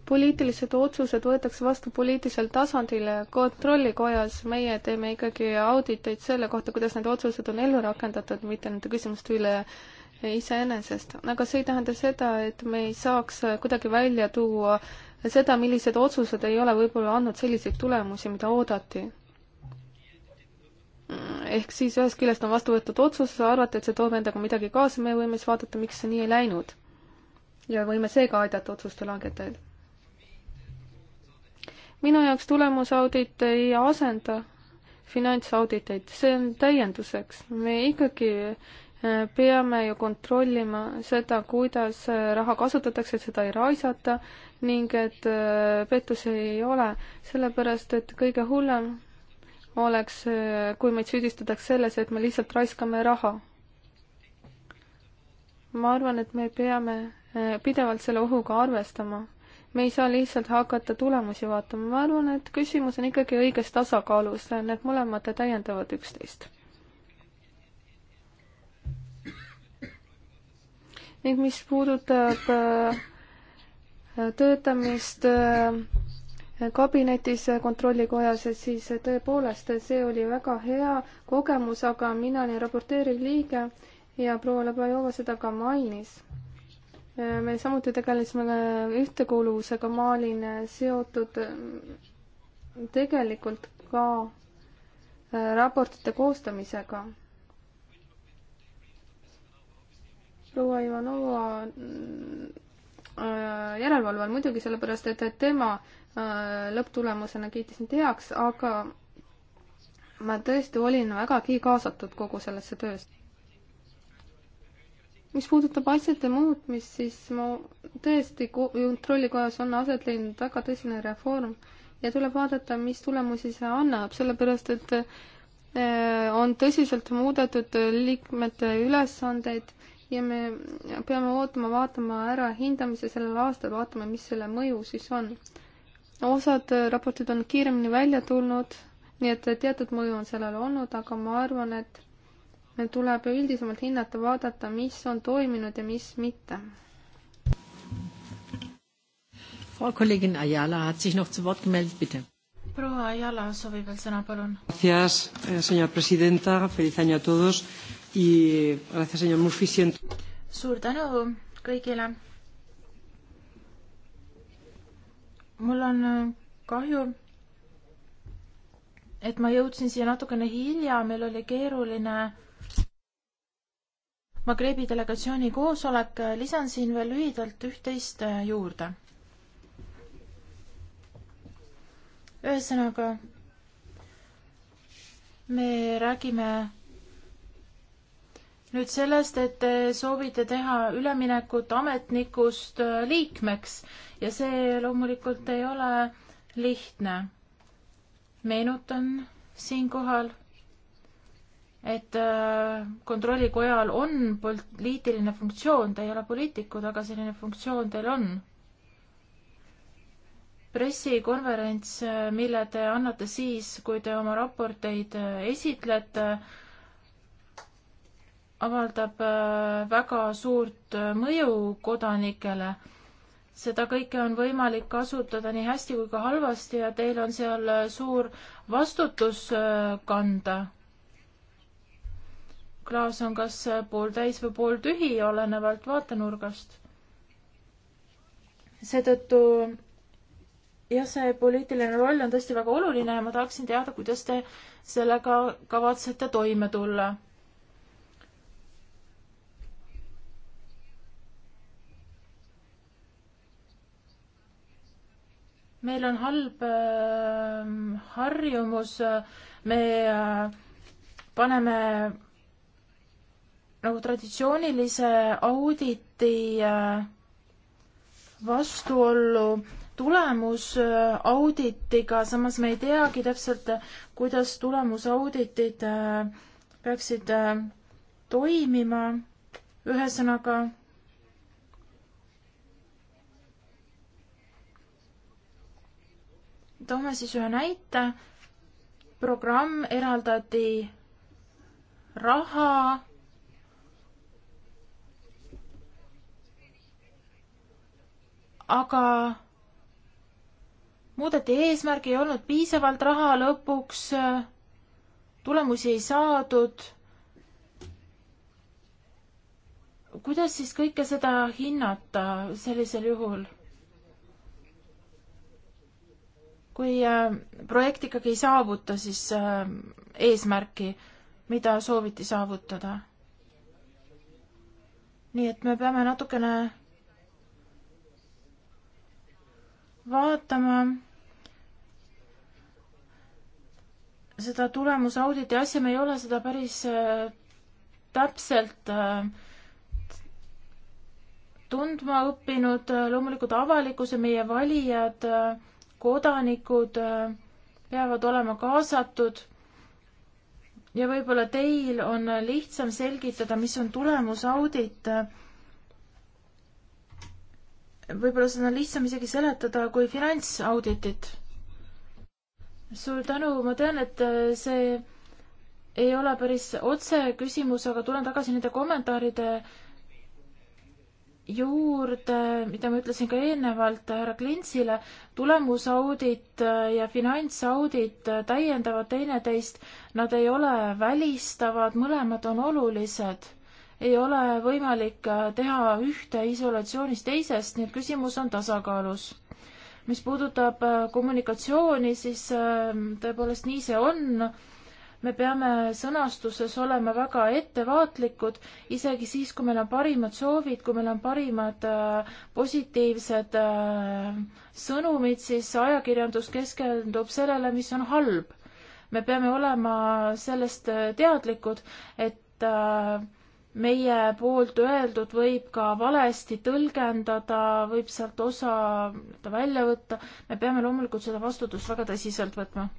poliitilised otsused võetakse vastu poliitilisel tasandil, kontrollikojas meie teeme ikkagi auditeid selle kohta, kuidas need otsused on ellu rakendatud, mitte nende küsimuste üle iseenesest. aga see ei tähenda seda, et me ei saaks kuidagi välja tuua seda, millised otsused ei ole võib-olla andnud selliseid tulemusi, mida oodati ehk siis ühest küljest on vastu võetud otsus, arvata, et see toob endaga midagi kaasa, me võime siis vaadata, miks see nii ei läinud. ja võime seega aidata otsuste langetajaid. minu jaoks tulemusaudit ei asenda finantsauditeid, see on täienduseks, me ikkagi eh, peame ju kontrollima seda, kuidas eh, raha kasutatakse, et seda ei raisata ning et eh, pettusi ei ole, sellepärast et kõige hullem oleks, kui meid süüdistatakse selles, et me lihtsalt raiskame raha. ma arvan, et me peame eh, pidevalt selle ohuga arvestama. me ei saa lihtsalt hakata tulemusi vaatama, ma arvan, et küsimus on ikkagi õiges tasakaalus, need mõlemad täiendavad üksteist. ning mis puudutab eh, töötamist eh, kabinetis kontrollikojas, et siis tõepoolest see oli väga hea kogemus, aga mina olin raporteeriv liige ja proua Labajova seda ka mainis. me samuti tegelesime ühtekuuluvusega, ma olin seotud tegelikult ka raportite koostamisega proua Ivanova äh, järelevalve all muidugi, sellepärast et tema Äh, lõpptulemusena kiitisin heaks, aga ma tõesti olin vägagi kaasatud kogu sellesse töösse. mis puudutab asjade muutmist, siis ma tõesti kontrollikojas on aset leidnud väga tõsine reform ja tuleb vaadata, mis tulemusi see annab, sellepärast et äh, on tõsiselt muudetud liikmete ülesandeid ja me peame ootama, vaatama ära hindamise sellel aastal, vaatame, mis selle mõju siis on osad äh, raportid on kiiremini välja tulnud, nii et äh, teatud mõju on sellel olnud, aga ma arvan, et meil tuleb üldisemalt hinnata, vaadata, mis on toiminud ja mis mitte. Frau Kollegin Ayala hat sich noch zu Wort gemeldet, bitte. Proua Ayala soovib veel sõna, palun. Gracias, eh, señor presidenta, feliz año a todos y gracias, señor Murphy. Suur tänu kõigile mul on äh, kahju, et ma jõudsin siia natukene hilja, meil oli keeruline Magrebi delegatsiooni koosolek, äh, lisan siin veel lühidalt üht-teist äh, juurde. ühesõnaga, me räägime nüüd sellest, et te soovite teha üleminekut ametnikust äh, liikmeks ja see loomulikult ei ole lihtne. meenutan siinkohal, et äh, kontrollikojal on poliitiline funktsioon, te ei ole poliitikud, aga selline funktsioon teil on. pressikonverents, äh, mille te annate siis, kui te oma raporteid esitlete, avaldab äh, väga suurt äh, mõju kodanikele. seda kõike on võimalik kasutada nii hästi kui ka halvasti ja teil on seal äh, suur vastutus kanda. klaas on kas pooltäis või pooltühi, olenevalt vaatenurgast. seetõttu jah, see poliitiline roll on tõesti väga oluline ja ma tahaksin teada, kuidas te sellega kavatsete toime tulla meil on halb äh, harjumus, me äh, paneme nagu traditsioonilise auditi äh, vastuollu tulemusauditiga, äh, samas me ei teagi täpselt, kuidas tulemusauditid äh, peaksid äh, toimima. ühesõnaga toome siis ühe näite. programm eraldati raha aga muudeti eesmärk, ei olnud piisavalt raha lõpuks, äh, tulemusi ei saadud. kuidas siis kõike seda hinnata sellisel juhul? kui äh, projekt ikkagi ei saavuta siis äh, eesmärki, mida sooviti saavutada. nii et me peame natukene vaatama seda tulemusauditi asja, me ei ole seda päris äh, täpselt tundma õppinud, loomulikult avalikkus ja meie valijad äh, kodanikud äh, peavad olema kaasatud ja võib-olla teil on lihtsam selgitada, mis on tulemusaudit. võib-olla seda on lihtsam isegi seletada kui finantsauditit. suur tänu, ma tean, et äh, see ei ole päris otse küsimus, aga tulen tagasi nende kommentaaride juurde, mida ma ütlesin ka eelnevalt härra Klintsile, tulemusaudit ja finantsaudit täiendavad teineteist, nad ei ole välistavad, mõlemad on olulised. ei ole võimalik teha ühte isolatsioonis teisest, nii et küsimus on tasakaalus. mis puudutab äh, kommunikatsiooni, siis äh, tõepoolest nii see on me peame sõnastuses olema väga ettevaatlikud, isegi siis, kui meil on parimad soovid, kui meil on parimad äh, positiivsed äh, sõnumid, siis ajakirjandus keskendub sellele, mis on halb. me peame olema sellest äh, teadlikud, et äh, meie poolt öeldud võib ka valesti tõlgendada, võib sealt osa välja võtta, me peame loomulikult seda vastutust väga tõsiselt võtma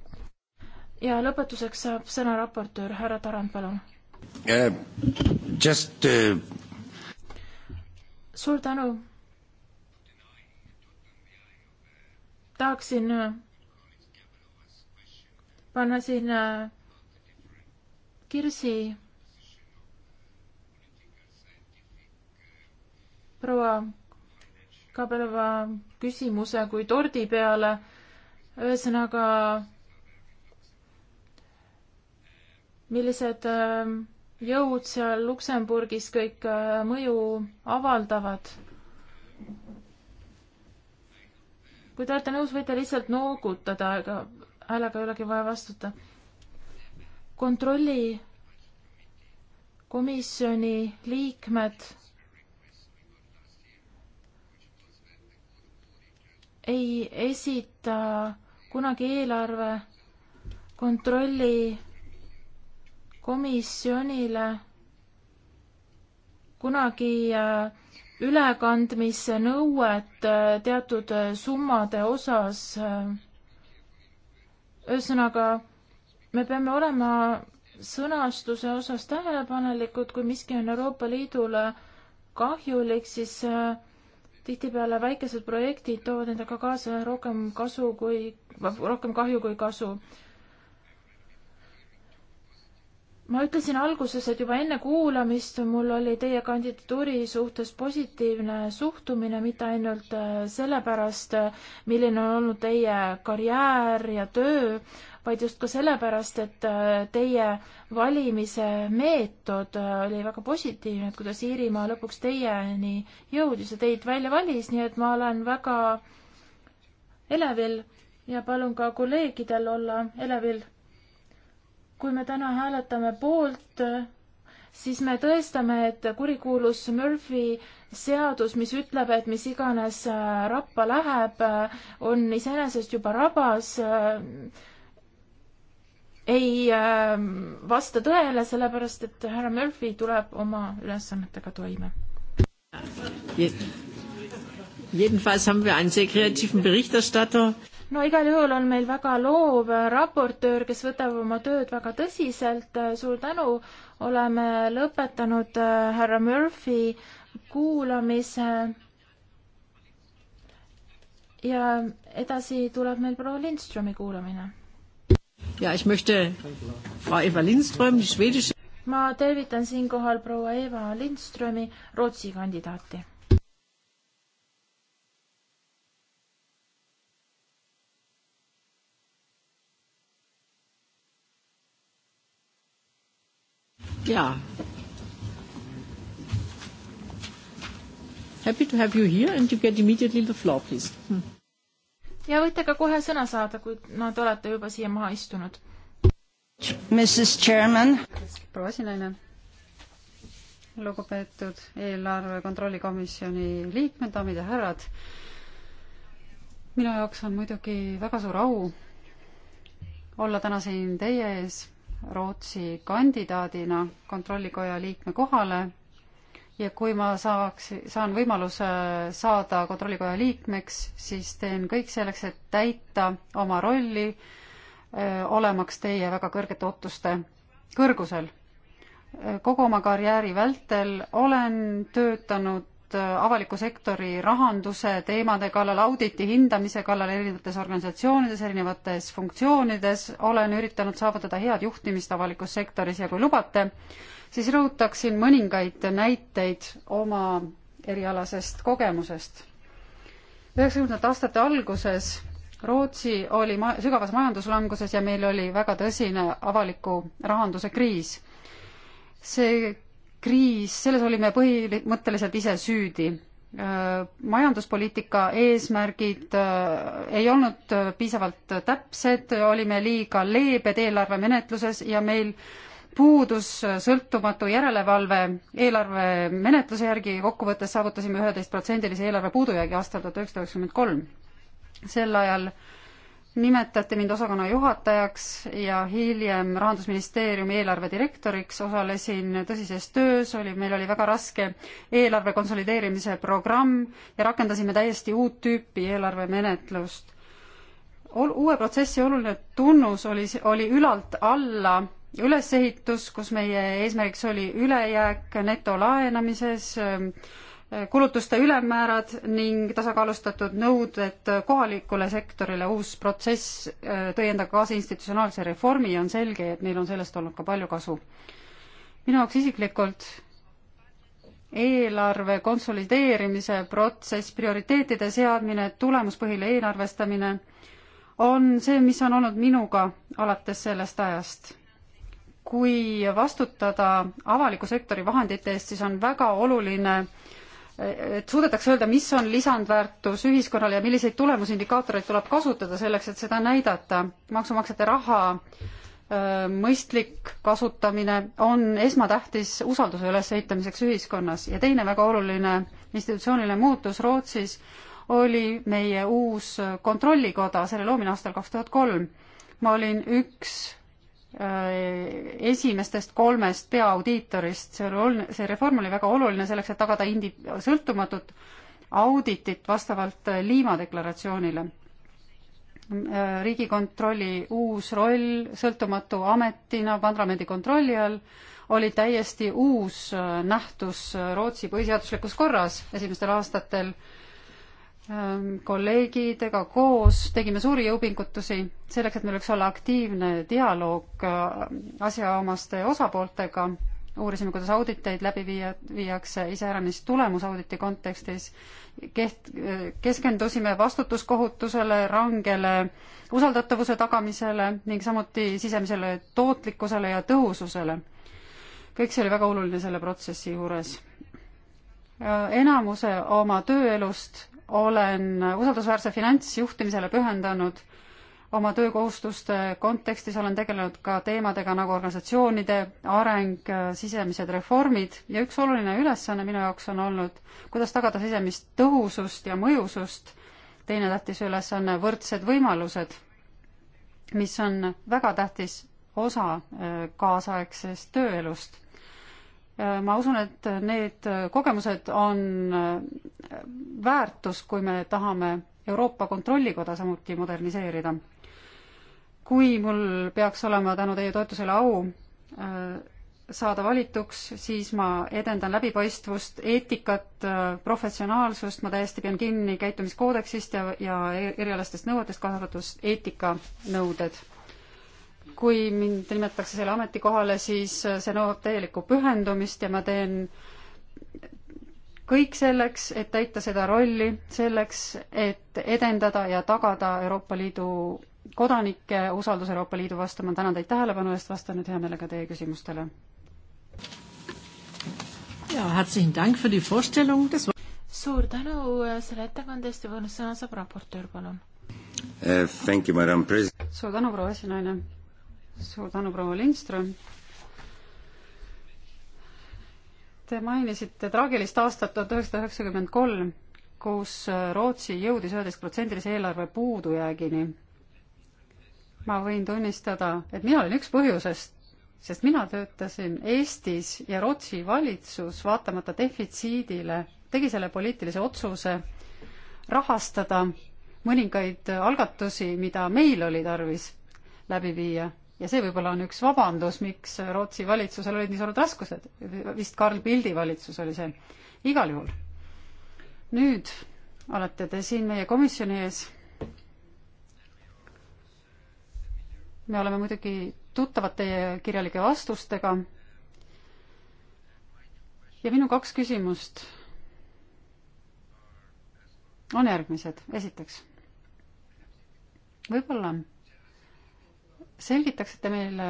ja lõpetuseks saab sõna raportöör härra Tarand, palun uh,. Just uh... suur tänu. tahaksin eh, panna siin kirsi proua Kabelova küsimuse kui tordi peale. ühesõnaga millised ähm, jõud seal Luksemburgis kõik äh, mõju avaldavad. kui te olete nõus, võite lihtsalt noogutada, aga häälega ei olegi vaja vastuta. kontrolli komisjoni liikmed ei esita kunagi eelarve kontrolli komisjonile kunagi äh, ülekandmise nõuet äh, teatud äh, summade osas. ühesõnaga, me peame olema sõnastuse osas tähelepanelikud, kui miski on Euroopa Liidule kahjulik, siis tihtipeale väikesed projektid toovad endaga kaasa rohkem kasu kui, rohkem kahju kui kasu ma ütlesin alguses, et juba enne kuulamist mul oli teie kandidatuuri suhtes positiivne suhtumine, mitte ainult äh, sellepärast, milline on olnud teie karjäär ja töö, vaid just ka sellepärast, et äh, teie valimise meetod äh, oli väga positiivne, et kuidas Iirimaa lõpuks teieni jõudis ja teid välja valis, nii et ma olen väga elevil ja palun ka kolleegidel olla elevil kui me täna hääletame poolt, siis me tõestame, et kurikuulus Murphy seadus, mis ütleb, et mis iganes äh, rappa läheb, äh, on iseenesest juba rabas, äh, ei vasta tõele, sellepärast et härra Murphy tuleb oma ülesannetega toime. Jedenfalls haben wir einen sehr kreativen Berichterstatter no igal juhul on meil väga loov raportöör, kes võtab oma tööd väga tõsiselt, suur tänu, oleme lõpetanud äh, härra Murphy kuulamise. ja edasi tuleb meil proua Lindströmi kuulamine. ja, ich möchte Frau Eva Lindström, die schwedische ma tervitan siinkohal proua Eva Lindströmi, Rootsi kandidaati Yeah. Happy to have you here and you get immediately the floor, please hmm.. ja võite ka kohe sõna saada, kui no te olete juba siia maha istunud. Mrs Chairman. proua esinaine. lugupeetud eelarve kontrolli komisjoni liikmed, daamid ja härrad. minu jaoks on muidugi väga suur au olla täna siin teie ees Rootsi kandidaadina kontrollikoja liikme kohale ja kui ma saaks, saan võimaluse saada kontrollikoja liikmeks, siis teen kõik selleks, et täita oma rolli, olemaks teie väga kõrgete ootuste kõrgusel. kogu oma karjääri vältel olen töötanud Äh, avaliku sektori rahanduse teemade kallal, auditi hindamise kallal erinevates organisatsioonides, erinevates funktsioonides, olen üritanud saavutada head juhtimist avalikus sektoris ja kui lubate, siis rõhutaksin mõningaid näiteid oma erialasest kogemusest. üheksakümnendate aastate alguses Rootsi oli ma-, sügavas majanduslanguses ja meil oli väga tõsine avaliku rahanduse kriis. see kriis, selles olime põhimõtteliselt ise süüdi. Äh, majanduspoliitika eesmärgid äh, ei olnud piisavalt täpsed, olime liiga leebed eelarvemenetluses ja meil puudus sõltumatu järelevalve eelarvemenetluse järgi ja kokkuvõttes saavutasime üheteistprotsendilise eelarve puudujäägi aastal tuhat üheksasada üheksakümmend kolm. sel ajal äh, nimetati mind osakonna juhatajaks ja hiljem Rahandusministeeriumi eelarve direktoriks, osalesin tõsises töös, oli, meil oli väga raske eelarve konsolideerimise programm ja rakendasime täiesti uut tüüpi eelarvemenetlust. uue protsessi oluline tunnus oli, oli ülalt alla ülesehitus, kus meie eesmärgiks oli ülejääk netolaenamises äh,, kulutuste ülemmäärad ning tasakaalustatud nõuded kohalikule sektorile, uus protsess äh, tõi endaga kaasa institutsionaalse reformi ja on selge, et meil on sellest olnud ka palju kasu. minu jaoks isiklikult eelarve konsolideerimise protsess, prioriteetide seadmine, tulemuspõhine eelarvestamine on see, mis on olnud minuga alates sellest ajast kui vastutada avaliku sektori vahendite eest, siis on väga oluline et suudetakse öelda, mis on lisandväärtus ühiskonnale ja milliseid tulemusindikaatoreid tuleb kasutada selleks, et seda näidata. maksumaksjate raha mõistlik kasutamine on esmatähtis usalduse ülesehitamiseks ühiskonnas ja teine väga oluline institutsiooniline muutus Rootsis oli meie uus kontrollikoda, selle loomine aastal kaks tuhat kolm. ma olin üks Äh, esimestest kolmest peaaudiitorist, see oli oluline, see reform oli väga oluline selleks, et tagada indi-, sõltumatut auditit vastavalt äh, Liima deklaratsioonile. Äh, riigikontrolli uus roll sõltumatu ametina parlamendi kontrolli all oli täiesti uus nähtus Rootsi põhiseaduslikus korras esimestel aastatel äh, Ähm, kolleegidega koos tegime suuri jõupingutusi selleks, et meil võiks olla aktiivne dialoog äh, asjaomaste osapooltega. uurisime, kuidas auditeid läbi viia, viiakse iseäranis tulemusauditi kontekstis. Keht-, keskendusime vastutuskohutusele, rangele usaldatavuse tagamisele ning samuti sisemisele tootlikkusele ja tõhususele. kõik see oli väga oluline selle protsessi juures äh, enamuse oma tööelust olen usaldusväärse finantsjuhtimisele pühendanud oma töökohustuste kontekstis olen tegelenud ka teemadega nagu organisatsioonide areng, sisemised reformid ja üks oluline ülesanne minu jaoks on olnud, kuidas tagada sisemist tõhusust ja mõjusust. teine tähtis ülesanne, võrdsed võimalused, mis on väga tähtis osa äh, kaasaegsest tööelust. Äh, ma usun, et need äh, kogemused on äh, väärtus, kui me tahame Euroopa Kontrollikoda samuti moderniseerida. kui mul peaks olema tänu teie toetusele au saada valituks, siis ma edendan läbipaistvust, eetikat, professionaalsust, ma täiesti pean kinni käitumiskoodeksist ja, ja e-, erialastest nõuetest, kaasa arvatud eetikanõuded kui mind nimetatakse selle ametikohale, siis see nõuab täielikku pühendumist ja ma teen kõik selleks, et täita seda rolli, selleks, et edendada ja tagada Euroopa Liidu kodanike usaldus Euroopa Liidu vastu. ma tänan teid tähelepanu eest, vastan nüüd hea meelega teie küsimustele. suur tänu äh, selle ettekande eest ja sõna saab raportöör, palun. Eh, suur tänu, proua esinaine suur tänu, proua Lindström. Te mainisite traagilist aastat tuhat üheksasada üheksakümmend kolm, kus Rootsi jõudis üheteistprotsendilise eelarve puudujäägini. ma võin tunnistada, et mina olin üks põhjusest, sest mina töötasin Eestis ja Rootsi valitsus, vaatamata defitsiidile, tegi selle poliitilise otsuse rahastada mõningaid algatusi, mida meil oli tarvis läbi viia ja see võib-olla on üks vabandus, miks Rootsi valitsusel olid nii suured raskused, vist Karl Pildi valitsus oli see, igal juhul. nüüd olete te siin meie komisjoni ees. me oleme muidugi tuttavad teie kirjalike vastustega. ja minu kaks küsimust on järgmised, esiteks võib-olla on selgitaksite meile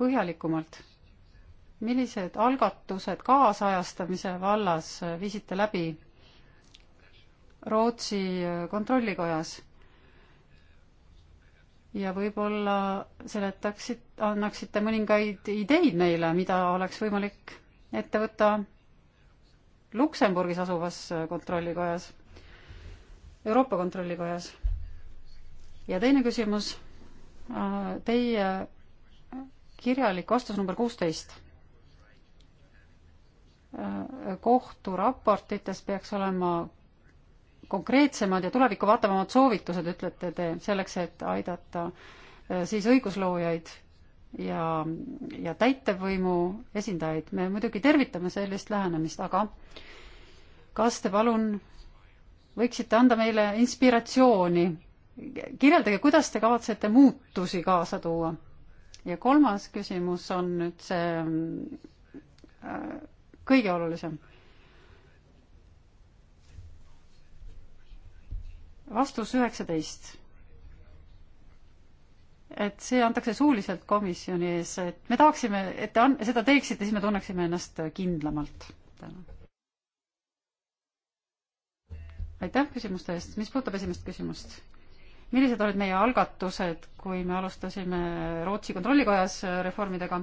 põhjalikumalt, millised algatused kaasajastamise vallas viisite läbi Rootsi kontrollikojas? ja võib-olla seletaksid, annaksite mõningaid ideid meile, mida oleks võimalik ette võtta Luksemburgis asuvas kontrollikojas, Euroopa Kontrollikojas. ja teine küsimus teie kirjalik vastus number kuusteist. kohturaportites peaks olema konkreetsemad ja tulevikku vaatavamad soovitused, ütlete te, selleks, et aidata eh, siis õigusloojaid ja, ja täitevvõimu esindajaid. me muidugi tervitame sellist lähenemist, aga kas te palun võiksite anda meile inspiratsiooni kirjeldage, kuidas te kavatsete muutusi kaasa tuua? ja kolmas küsimus on nüüd see äh, kõige olulisem. vastus üheksateist. et see antakse suuliselt komisjoni ees, et me tahaksime, et te an-, seda teeksite, siis me tunneksime ennast kindlamalt. tänan. aitäh küsimuste eest, mis puudutab esimest küsimust millised olid meie algatused, kui me alustasime Rootsi kontrollikojas reformidega?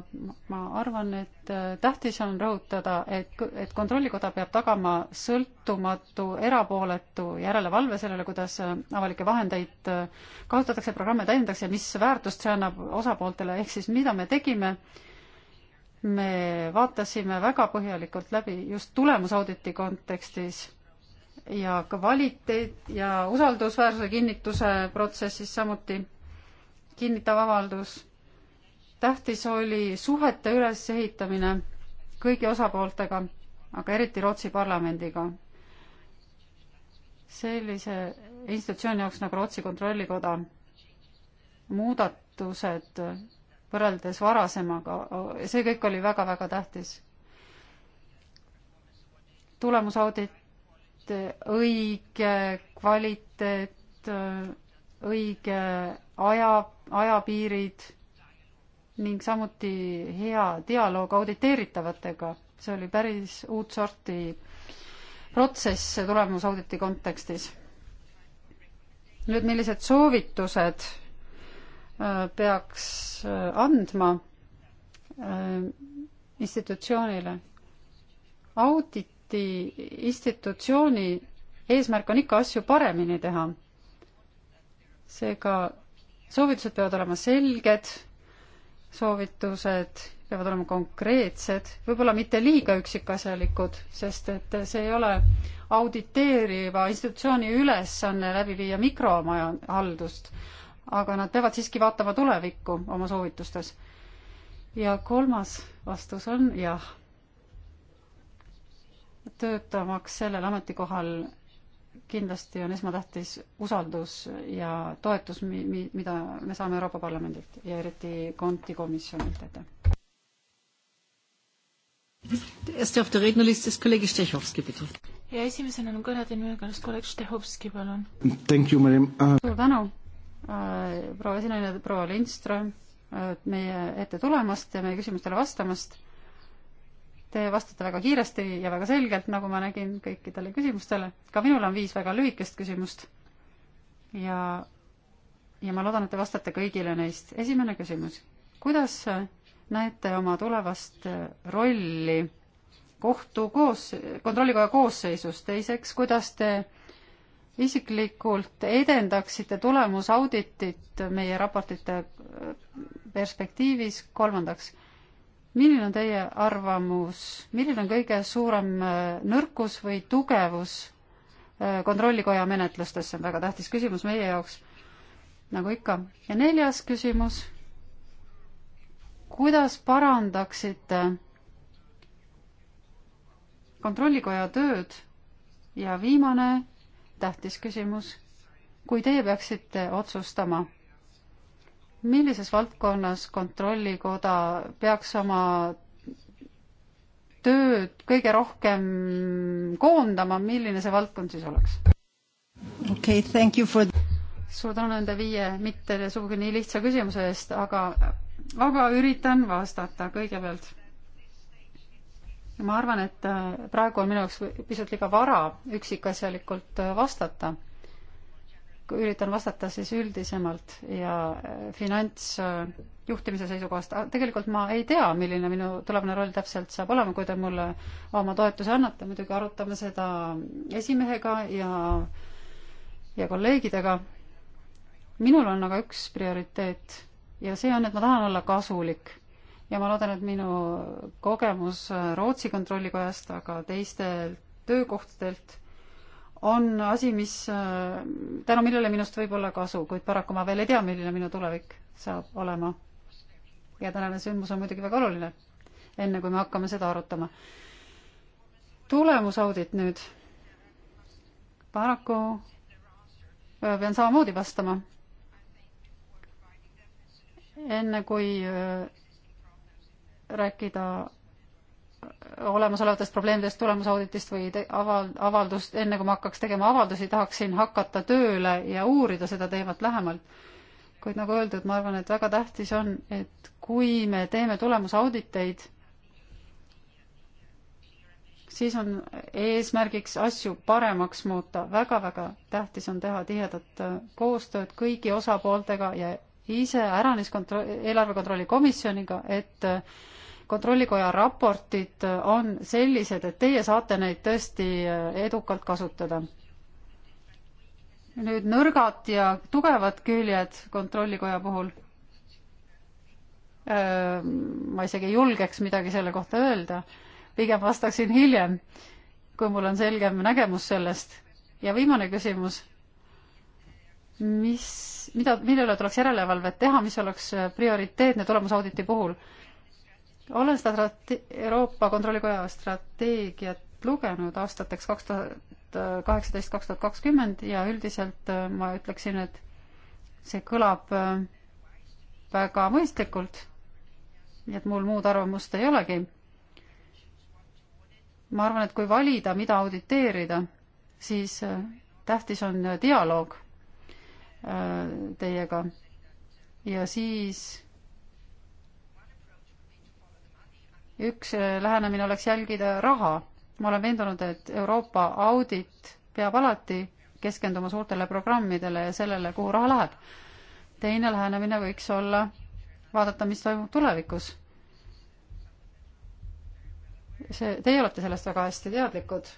ma arvan, et äh, tähtis on rõhutada, et, et kontrollikoda peab tagama sõltumatu, erapooletu järelevalve sellele, kuidas äh, avalikke vahendeid äh, kasutatakse, programme täiendatakse ja mis väärtust see annab osapooltele, ehk siis mida me tegime, me vaatasime väga põhjalikult läbi just tulemusauditi kontekstis ja kvaliteet ja usaldusväärsuse kinnituse protsessis samuti kinnitav avaldus. tähtis oli suhete ülesehitamine kõigi osapooltega, aga eriti Rootsi parlamendiga. sellise institutsiooni jaoks nagu Rootsi Kontrollikoda muudatused võrreldes varasemaga, see kõik oli väga-väga tähtis. tulemusaudit et õige kvaliteet, õige aja, ajapiirid ning samuti hea dialoog auditeeritavatega, see oli päris uut sorti protsess tulemusauditi kontekstis. nüüd, millised soovitused äh, peaks äh, andma äh, institutsioonile? audit parlamenti institutsiooni eesmärk on ikka asju paremini teha. seega soovitused peavad olema selged, soovitused peavad olema konkreetsed, võib-olla mitte liiga üksikasjalikud, sest et see ei ole auditeeriva institutsiooni ülesanne läbi viia mikromaja haldust, aga nad peavad siiski vaatama tulevikku oma soovitustes. ja kolmas vastus on jah töötamaks sellel ametikohal kindlasti on esmatähtis usaldus ja toetus, mi-, mi-, mida me saame Euroopa Parlamendilt ja eriti Konti komisjonilt, aitäh. ja esimesena on kõnede nimekirjas kolleeg Štehovski, palun. Uh, suur tänu, uh, proua esinaine, proua Lindström, uh, meie ette tulemast ja meie küsimustele vastamast Te vastate väga kiiresti ja väga selgelt, nagu ma nägin kõikidele küsimustele. ka minul on viis väga lühikest küsimust. ja, ja ma loodan, et te vastate kõigile neist. esimene küsimus. kuidas näete oma tulevast rolli kohtu koos, kontrollikoja koosseisus, teiseks, kuidas te isiklikult edendaksite tulemusauditit meie raportite perspektiivis, kolmandaks milline on teie arvamus, milline on kõige suurem äh, nõrkus või tugevus äh, kontrollikoja menetlustes, see on väga tähtis küsimus meie jaoks, nagu ikka. ja neljas küsimus, kuidas parandaksite kontrollikoja tööd ja viimane tähtis küsimus, kui teie peaksite otsustama millises valdkonnas Kontrollikoda peaks oma tööd kõige rohkem koondama, milline see valdkond siis oleks? okei okay,, thank you for suur tänu nende viie mitte sugugi nii lihtsa küsimuse eest, aga, aga üritan vastata kõigepealt. ma arvan, et äh, praegu on minu jaoks pisut liiga vara üksikasjalikult äh, vastata üritan vastata siis üldisemalt ja äh, finantsjuhtimise äh, seisukohast. Ah, tegelikult ma ei tea, milline minu tulevane roll täpselt saab olema, kui te mulle oma toetuse annate, muidugi arutame seda esimehega ja, ja kolleegidega. minul on aga üks prioriteet ja see on, et ma tahan olla kasulik ja ma loodan, et minu kogemus äh, Rootsi kontrollikojast, aga teistelt töökohtadelt on asi, mis, äh, tänu millele minust võib olla kasu, kuid paraku ma veel ei tea, milline minu tulevik saab olema. ja tänane sündmus on muidugi väga oluline, enne kui me hakkame seda arutama. tulemusaudit nüüd. paraku äh, pean samamoodi vastama. enne kui äh, rääkida olemasolevatest probleemidest tulemusauditist või aval-, avaldust, enne kui ma hakkaks tegema avaldusi, tahaksin hakata tööle ja uurida seda teemat lähemalt. kuid nagu öeldud, ma arvan, et väga tähtis on, et kui me teeme tulemusauditeid, siis on eesmärgiks asju paremaks muuta väga,. väga-väga tähtis on teha tihedat äh, koostööd kõigi osapooltega ja ise äranis kontro-, eelarve kontrolli komisjoniga, et äh, kontrollikoja raportid on sellised, et teie saate neid tõesti edukalt kasutada. nüüd nõrgad ja tugevad küljed kontrollikoja puhul. ma isegi ei julgeks midagi selle kohta öelda, pigem vastaksin hiljem, kui mul on selgem nägemus sellest. ja viimane küsimus. mis, mida, mille üle tuleks järelevalvet teha, mis oleks prioriteetne tulemusauditi puhul? olen seda strate-, Euroopa Kontrollikoja strateegiat lugenud aastateks kaks tuhat äh, kaheksateist, kaks tuhat kakskümmend ja üldiselt äh, ma ütleksin, et see kõlab äh, väga mõistlikult, nii et mul muud arvamust ei olegi. ma arvan, et kui valida, mida auditeerida, siis tähtis on dialoog teiega ja siis üks äh, lähenemine oleks jälgida raha. ma olen veendunud, et Euroopa audit peab alati keskenduma suurtele programmidele ja sellele, kuhu raha läheb. teine lähenemine võiks olla vaadata, mis toimub tulevikus. see, teie olete sellest väga hästi teadlikud.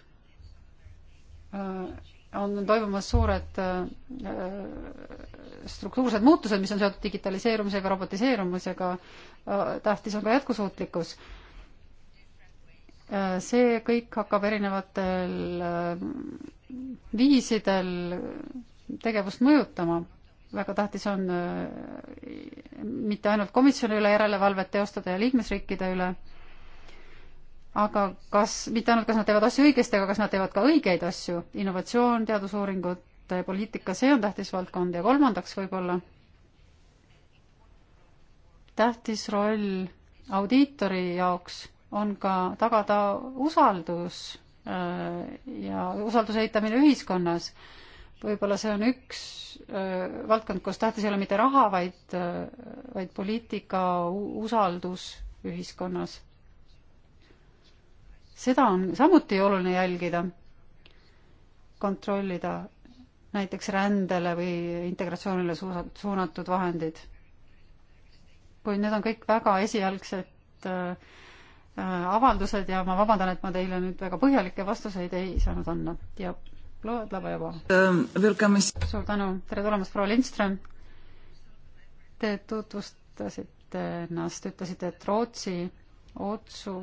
Äh, on toimumas suured äh, struktuursed muutused, mis on seotud digitaliseerumisega, robotiseerumisega. tähtis on ka jätkusuutlikkus Äh, see kõik hakkab erinevatel äh, viisidel tegevust mõjutama. väga tähtis on äh, mitte ainult komisjoni üle järelevalvet teostada ja liikmesriikide üle, aga kas, mitte ainult, kas nad teevad asju õigesti, aga kas nad teevad ka õigeid asju, innovatsioon, teadusuuringute poliitika, see on tähtis valdkond ja kolmandaks võib-olla tähtis roll audiitori jaoks on ka tagada usaldus äh, ja usalduse ehitamine ühiskonnas. võib-olla see on üks äh, valdkond, kus tähtis ei ole mitte raha, vaid, äh, vaid poliitika usaldus ühiskonnas. seda on samuti oluline jälgida, kontrollida näiteks rändele või integratsioonile suunatud vahendid. kuid need on kõik väga esialgsed äh, Äh, avaldused ja ma vabandan, et ma teile nüüd väga põhjalikke vastuseid ei saanud anda ja loed lava juba ähm,. suur tänu, tere tulemast, proua Lindström. Te tutvustasite ennast, ütlesite, et Rootsi otsu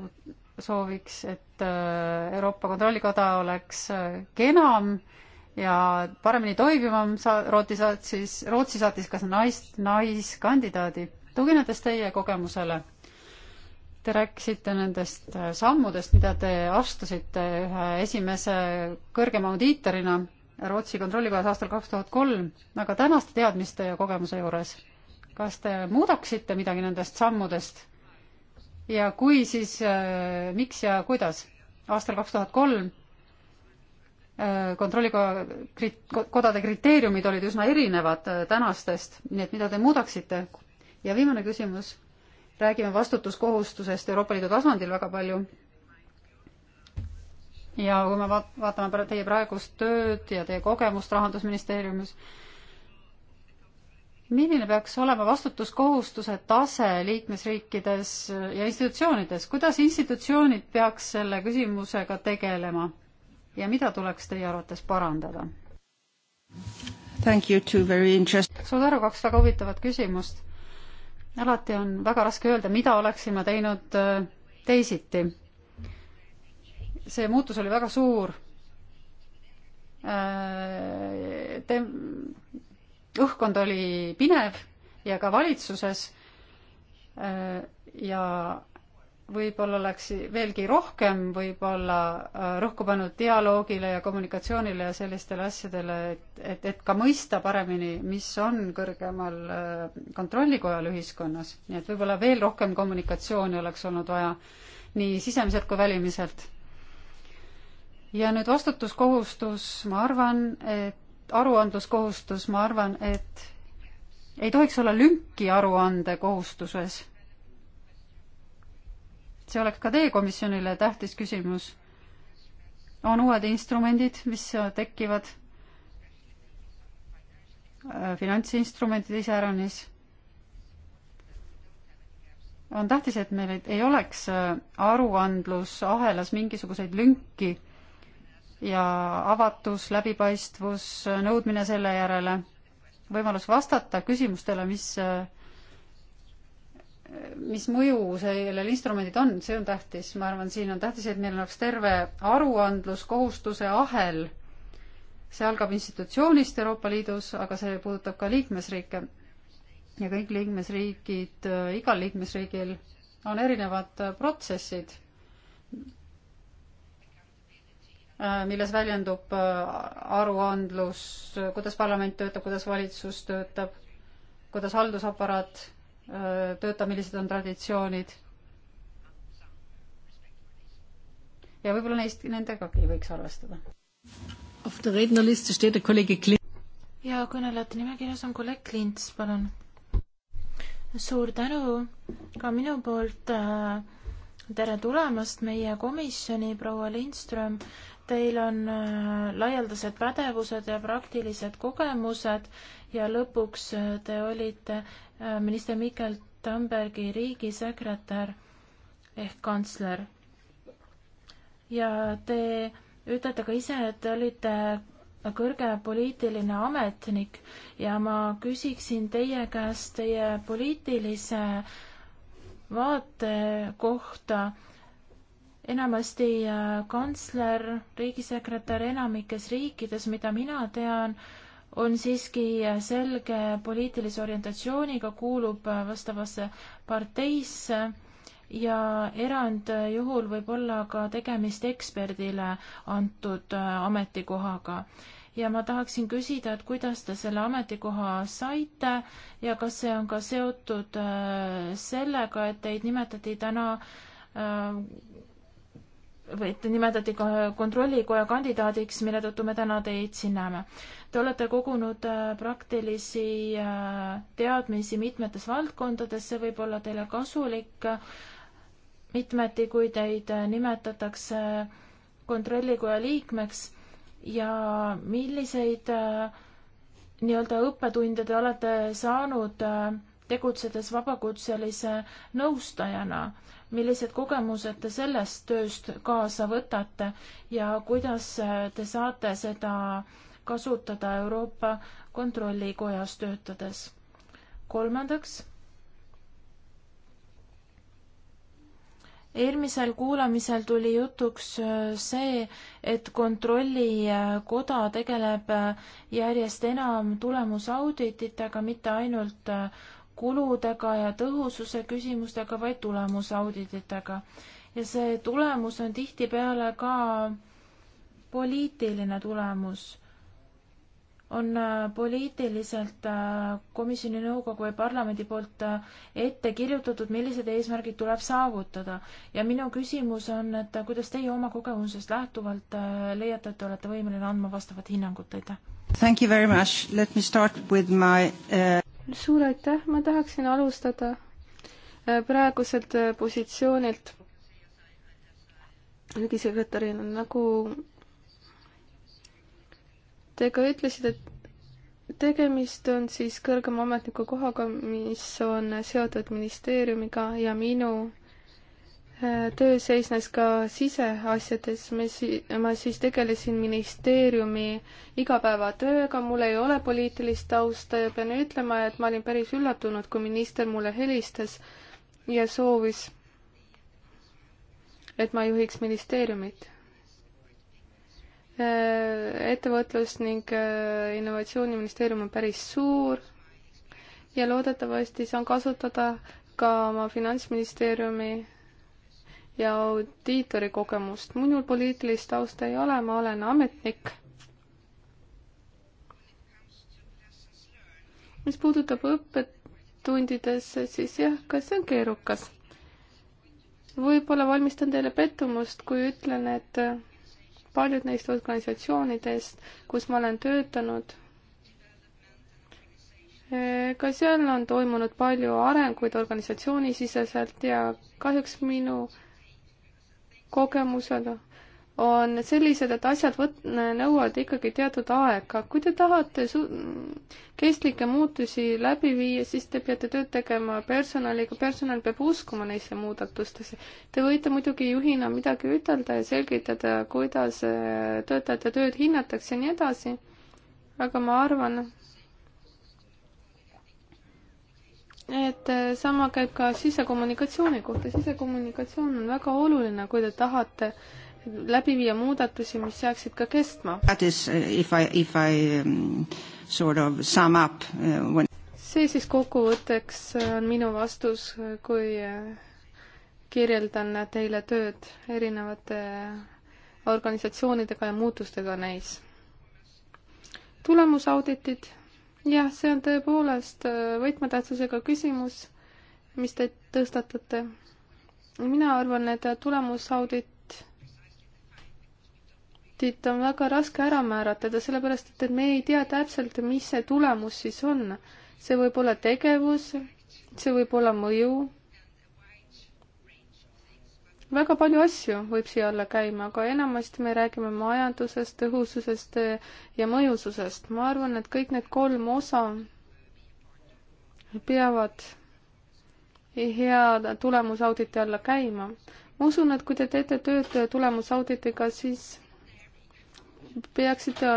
sooviks, et äh, Euroopa Kontrollikoda oleks äh, kenam ja paremini toimivam, sa-, Rootsi saatis, Rootsi saatis ka naist, naiskandidaadi. tuginedes teie kogemusele Te rääkisite nendest äh, sammudest, mida te astusite ühe esimese kõrgema audiitorina Rootsi kontrollikojas aastal kaks tuhat kolm, aga tänaste teadmiste ja kogemuse juures, kas te muudaksite midagi nendest sammudest? ja kui, siis äh, miks ja kuidas? aastal kaks tuhat kolm äh, kontrollikoja krit-, kodade kriteeriumid olid üsna erinevad tänastest, nii et mida te muudaksite? ja viimane küsimus räägime vastutuskohustusest Euroopa Liidu tasandil väga palju. ja kui me vaat-, vaatame teie praegust tööd ja teie kogemust Rahandusministeeriumis, milline peaks olema vastutuskohustuse tase liikmesriikides ja institutsioonides, kuidas institutsioonid peaks selle küsimusega tegelema ja mida tuleks teie arvates parandada? suur tänu, kaks väga huvitavat küsimust alati on väga raske öelda, mida oleksime teinud äh, teisiti. see muutus oli väga suur. Äh, Te-, õhkkond oli pinev ja ka valitsuses äh, ja võib-olla oleks veelgi rohkem võib-olla äh, rõhku pannud dialoogile ja kommunikatsioonile ja sellistele asjadele, et, et, et ka mõista paremini, mis on kõrgemal äh, kontrollikojal ühiskonnas, nii et võib-olla veel rohkem kommunikatsiooni oleks olnud vaja nii sisemiselt kui välimiselt. ja nüüd vastutuskohustus, ma arvan, et aruandluskohustus, ma arvan, et ei tohiks olla lünki aruandekohustuses see oleks ka teie komisjonile tähtis küsimus, on uued instrumendid, mis tekivad, äh, finantsinstrumendid iseäranis. on tähtis, et meil ei oleks äh, aruandlusahelas mingisuguseid lünki ja avatus, läbipaistvus, äh, nõudmine selle järele, võimalus vastata küsimustele, mis mis mõju sellel instrumendid on, see on tähtis, ma arvan, siin on tähtis, et meil oleks terve aruandluskohustuse ahel. see algab institutsioonist Euroopa Liidus, aga see puudutab ka liikmesriike. ja kõik liikmesriigid, äh, igal liikmesriigil on erinevad äh, protsessid, äh, milles väljendub aruandlus, kuidas parlament töötab, kuidas valitsus töötab, kuidas haldusaparaat töötab, millised on traditsioonid. ja võib-olla neist, nendegagi võiks arvestada. ja kõnelejate nimekirjas on kolleeg Klints, palun. suur tänu ka minu poolt. Äh, tere tulemast meie komisjoni, proua Lindström. Teil on äh, laialdased pädevused ja praktilised kogemused ja lõpuks äh, te olite Äh, minister Mikael Tambergi riigisekretär ehk kantsler. ja te ütlete ka ise, et te olite kõrge poliitiline ametnik ja ma küsiksin teie käest teie poliitilise vaate kohta. enamasti äh, kantsler, riigisekretär enamikes riikides, mida mina tean, on siiski selge poliitilise orientatsiooniga, kuulub vastavasse parteisse ja erandjuhul võib olla ka tegemist eksperdile antud ametikohaga. ja ma tahaksin küsida, et kuidas te selle ametikoha saite ja kas see on ka seotud äh, sellega, et teid nimetati täna äh, või te nimetati ka kontrollikoja kandidaadiks, mille tõttu me täna teid siin näeme. Te olete kogunud äh, praktilisi äh, teadmisi mitmetes valdkondades, see võib olla teile kasulik mitmeti, kui teid äh, nimetatakse kontrollikoja liikmeks ja milliseid nii-öelda õppetunde te olete saanud tegutsedes vabakutselise nõustajana millised kogemused te sellest tööst kaasa võtate ja kuidas te saate seda kasutada Euroopa Kontrollikojas töötades? kolmandaks, eelmisel kuulamisel tuli jutuks äh, see, et Kontrollikoda tegeleb äh, järjest enam tulemusaudititega, mitte ainult äh, kuludega ja tõhususe küsimustega, vaid tulemusaudititega. ja see tulemus on tihtipeale ka poliitiline tulemus. on äh, poliitiliselt äh, komisjoni, nõukogu või parlamendi poolt äh, ette kirjutatud, millised eesmärgid tuleb saavutada. ja minu küsimus on, et kuidas teie oma kogemusest lähtuvalt leiate, et te olete võimeline andma vastavat hinnangut, aitäh? Thank you very much. Let me start with my uh suur aitäh, ma tahaksin alustada äh, praeguselt äh, positsioonilt riigisekretärina, nagu te ka ütlesite, et tegemist on siis kõrgema ametniku kohaga, mis on seotud ministeeriumiga ja minu töö seisnes ka siseasjades, mis, ma siis tegelesin ministeeriumi igapäevatööga, mul ei ole poliitilist tausta ja pean ütlema, et ma olin päris üllatunud, kui minister mulle helistas ja soovis, et ma juhiks ministeeriumit. Äh, ettevõtlus ning äh, innovatsiooniministeerium on päris suur ja loodetavasti saan kasutada ka oma finantsministeeriumi ja audiitori kogemust. minul poliitilist tausta ei ole, ma olen ametnik. mis puudutab õppetundidesse, siis jah, ka see on keerukas. võib-olla valmistan teile pettumust, kui ütlen, et paljud neist organisatsioonidest, kus ma olen töötanud, ka seal on toimunud palju arenguid organisatsioonisiseselt ja kahjuks minu äh, kogemused on sellised, et asjad võt-, nõuavad ikkagi teatud aega. kui te tahate su-, kestlikke muutusi läbi viia, siis te peate tööd tegema personaliga, personal peab uskuma neisse muudatustesse. Te võite muidugi juhina midagi ütelda ja selgitada, kuidas eh, töötajate tööd hinnatakse ja nii edasi, aga ma arvan, et äh, sama käib ka sisekommunikatsiooni kohta. sisekommunikatsioon on väga oluline, kui te tahate läbi viia muudatusi, mis jääksid ka kestma. Uh, um, sort of uh, when... see siis kokkuvõtteks äh, on minu vastus, äh, kui kirjeldan teile tööd erinevate organisatsioonidega ja muutustega neis. tulemusauditid jah, see on tõepoolest äh, võtmetähtsusega küsimus, mis te tõstatate. mina arvan, et tulemusauditit on väga raske ära määratleda, sellepärast et, et me ei tea täpselt, mis see tulemus siis on. see võib olla tegevus, see võib olla mõju väga palju asju võib siia alla käima, aga enamasti me räägime majandusest, tõhususest ja mõjususest. ma arvan, et kõik need kolm osa peavad hea tulemusauditi alla käima. ma usun, et kui te teete tööd tulemusauditiga, siis peaksite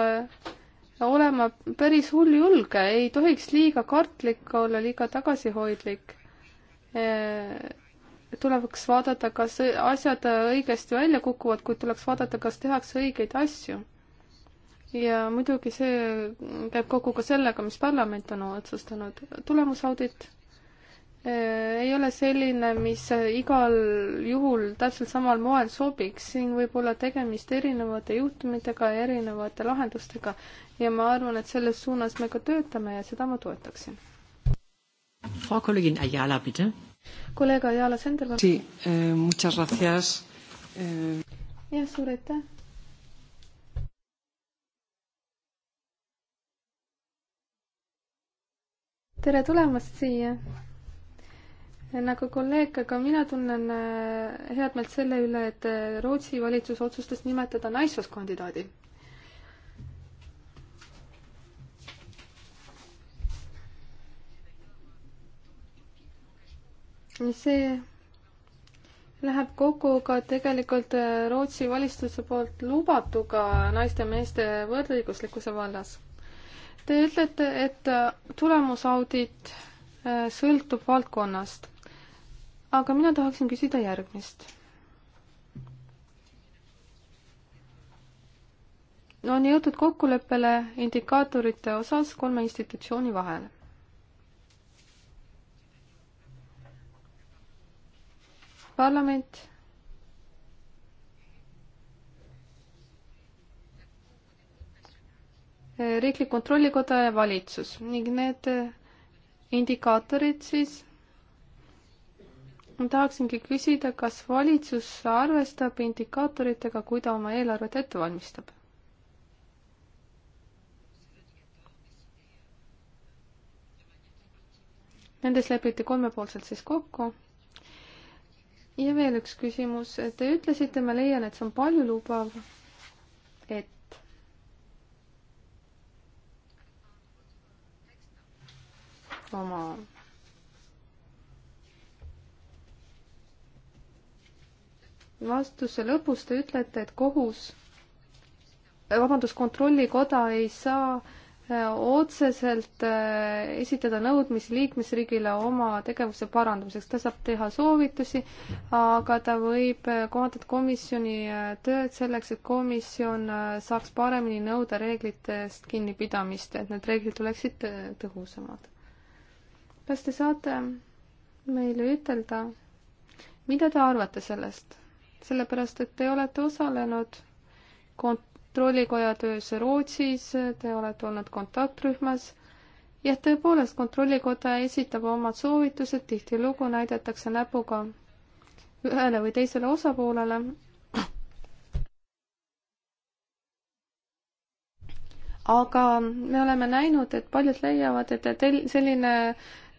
olema päris hulljulge, ei tohiks liiga kartlik olla, liiga tagasihoidlik tuleks vaadata, kas asjad õigesti välja kukuvad, kuid tuleks vaadata, kas tehakse õigeid asju. ja muidugi see käib kokku ka sellega, mis parlament on otsustanud. tulemusaudit äh, ei ole selline, mis igal juhul täpselt samal moel sobiks, siin võib olla tegemist erinevate juhtumitega ja erinevate lahendustega ja ma arvan, et selles suunas me ka töötame ja seda ma toetaksin. Frau Kollegin Ayala, bitte kolleeg Ajala Sender. Sí, eh, muchas gracias eh.... jah, suur aitäh. tere tulemast siia. nagu kolleeg, ka mina tunnen eh, head meelt selle üle, et eh, Rootsi valitsus otsustas nimetada naissooskandidaadi see läheb kokku ka tegelikult äh, Rootsi valitsuse poolt lubatuga naiste ja meeste võrdõiguslikkuse vallas. Te ütlete, et äh, tulemusaudit äh, sõltub valdkonnast. aga mina tahaksin küsida järgmist on jõutud kokkuleppele indikaatorite osas kolme institutsiooni vahel. parlament riiklik kontrollikoda ja valitsus ning need indikaatorid siis ma tahaksingi küsida, kas valitsus arvestab indikaatoritega, kui ta oma eelarvet ette valmistab? Nendes lepiti kolmepoolselt siis kokku ja veel üks küsimus. Te ütlesite, ma leian, et see on paljulubav, et oma vastuse lõpus te ütlete, et kohus, vabandust, kontrollikoda ei saa otseselt äh, esitada nõudmisi liikmesriigile oma tegevuse parandamiseks. ta saab teha soovitusi, aga ta võib äh, kohandada komisjoni äh, tööd selleks, et komisjon saaks paremini nõuda reeglitest kinnipidamist, et need reeglid oleksid tõhusamad. kas te saate meile ütelda, mida te arvate sellest? sellepärast, et te olete osalenud kont-, kontrollikoja töös Rootsis, te olete olnud kontaktrühmas. jah, tõepoolest, kontrollikoda esitab omad soovitused, tihtilugu näidatakse näpuga ühele või teisele osapoolele. aga me oleme näinud, et paljud leiavad, et tel-, selline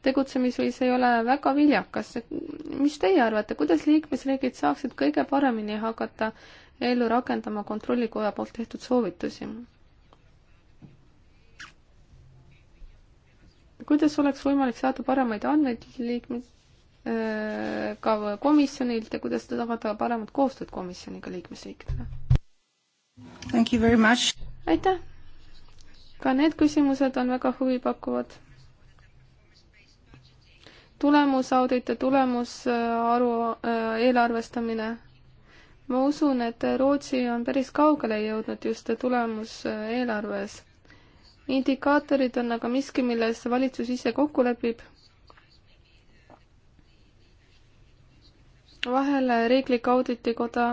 tegutsemisviis ei ole väga viljakas. mis teie arvate, kuidas liikmesriigid saaksid kõige paremini hakata ellu rakendama Kontrollikoja poolt tehtud soovitusi. kuidas oleks võimalik saada paremaid andmeid liikmed, äh, ka komisjonilt ja kuidas te tagate paremat koostööd komisjoniga liikmesriikidele? aitäh! ka need küsimused on väga huvipakkuvad. tulemusaudit ja tulemusaru äh, äh, eelarvestamine ma usun, et Rootsi on päris kaugele jõudnud just tulemuseelarves. indikaatorid on aga miski, milles valitsus ise kokku lepib vahel riiklik auditikoda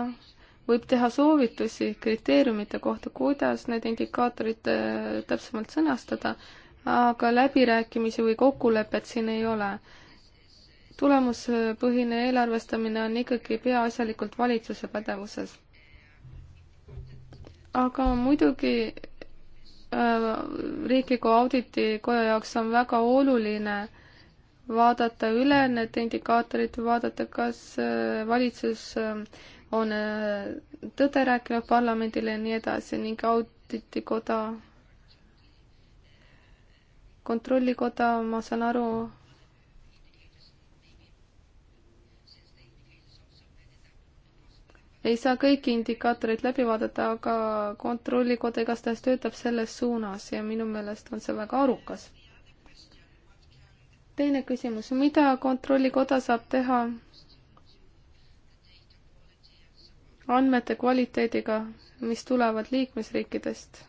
võib teha soovitusi kriteeriumite kohta, kuidas need indikaatorid äh, täpsemalt sõnastada, aga läbirääkimisi või kokkulepet siin ei ole tulemuspõhine eelarvestamine on ikkagi peaasjalikult valitsuse pädevuses. aga muidugi äh, riikliku auditikoja jaoks on väga oluline vaadata üle need indikaatorid, vaadata, kas äh, valitsus äh, on tõde rääkinud parlamendile ja nii edasi ning auditikoda, kontrollikoda, ma saan aru, ei saa kõiki indikaatoreid läbi vaadata, aga kontrollikoda igastahes töötab selles suunas ja minu meelest on see väga arukas. teine küsimus, mida kontrollikoda saab teha andmete kvaliteediga, mis tulevad liikmesriikidest?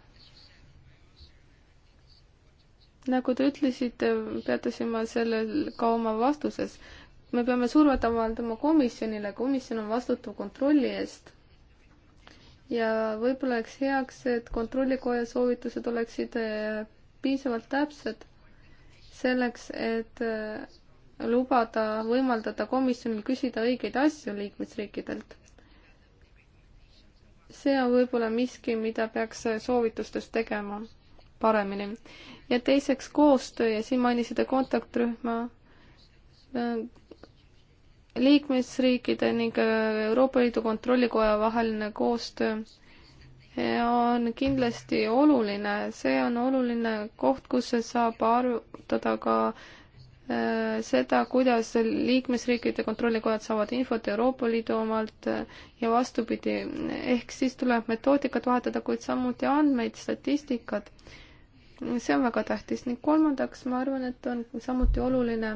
nagu te ütlesite, peatusin ma sellel ka oma vastuses me peame survet avaldama komisjonile, komisjon on vastutav kontrolli eest. ja võib-olla oleks heaks, et kontrollikoja soovitused oleksid eh, piisavalt täpsed selleks, et eh, lubada, võimaldada komisjonil küsida õigeid asju liikmesriikidelt. see on võib-olla miski, mida peaks eh, soovitustes tegema paremini. ja teiseks koostöö ja siin mainisite kontaktrühma liikmesriikide ning äh, Euroopa Liidu Kontrollikoja vaheline koostöö äh, on kindlasti oluline, see on oluline koht, kus saab arutada ka äh, seda, kuidas liikmesriikide kontrollikojad saavad infot Euroopa Liidu omalt ja vastupidi, ehk siis tuleb metoodikat vahetada, kuid samuti andmeid, statistikat. see on väga tähtis ning kolmandaks, ma arvan, et on samuti oluline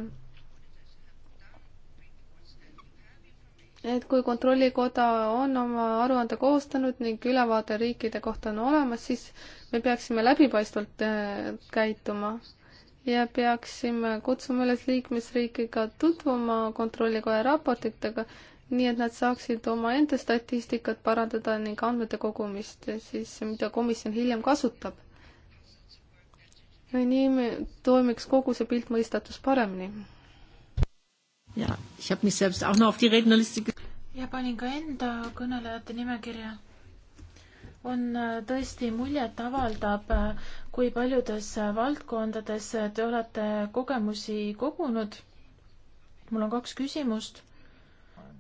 et kui Kontrollikoda on oma aruande koostanud ning ülevaade riikide kohta on olemas, siis me peaksime läbipaistvalt äh, käituma ja peaksime kutsuma üles liikmesriike ka tutvuma Kontrollikoja raportitega, nii et nad saaksid omaenda statistikat parandada ning andmete kogumist siis, mida komisjon hiljem kasutab. nii toimiks kogu see pilt mõistatus paremini ja, ich habe mich selbst auch noch auf die Rednerliste ja panin ka enda kõnelejate nimekirja. on äh, tõesti muljetavaldav, äh, kui paljudes äh, valdkondades te olete kogemusi kogunud. mul on kaks küsimust.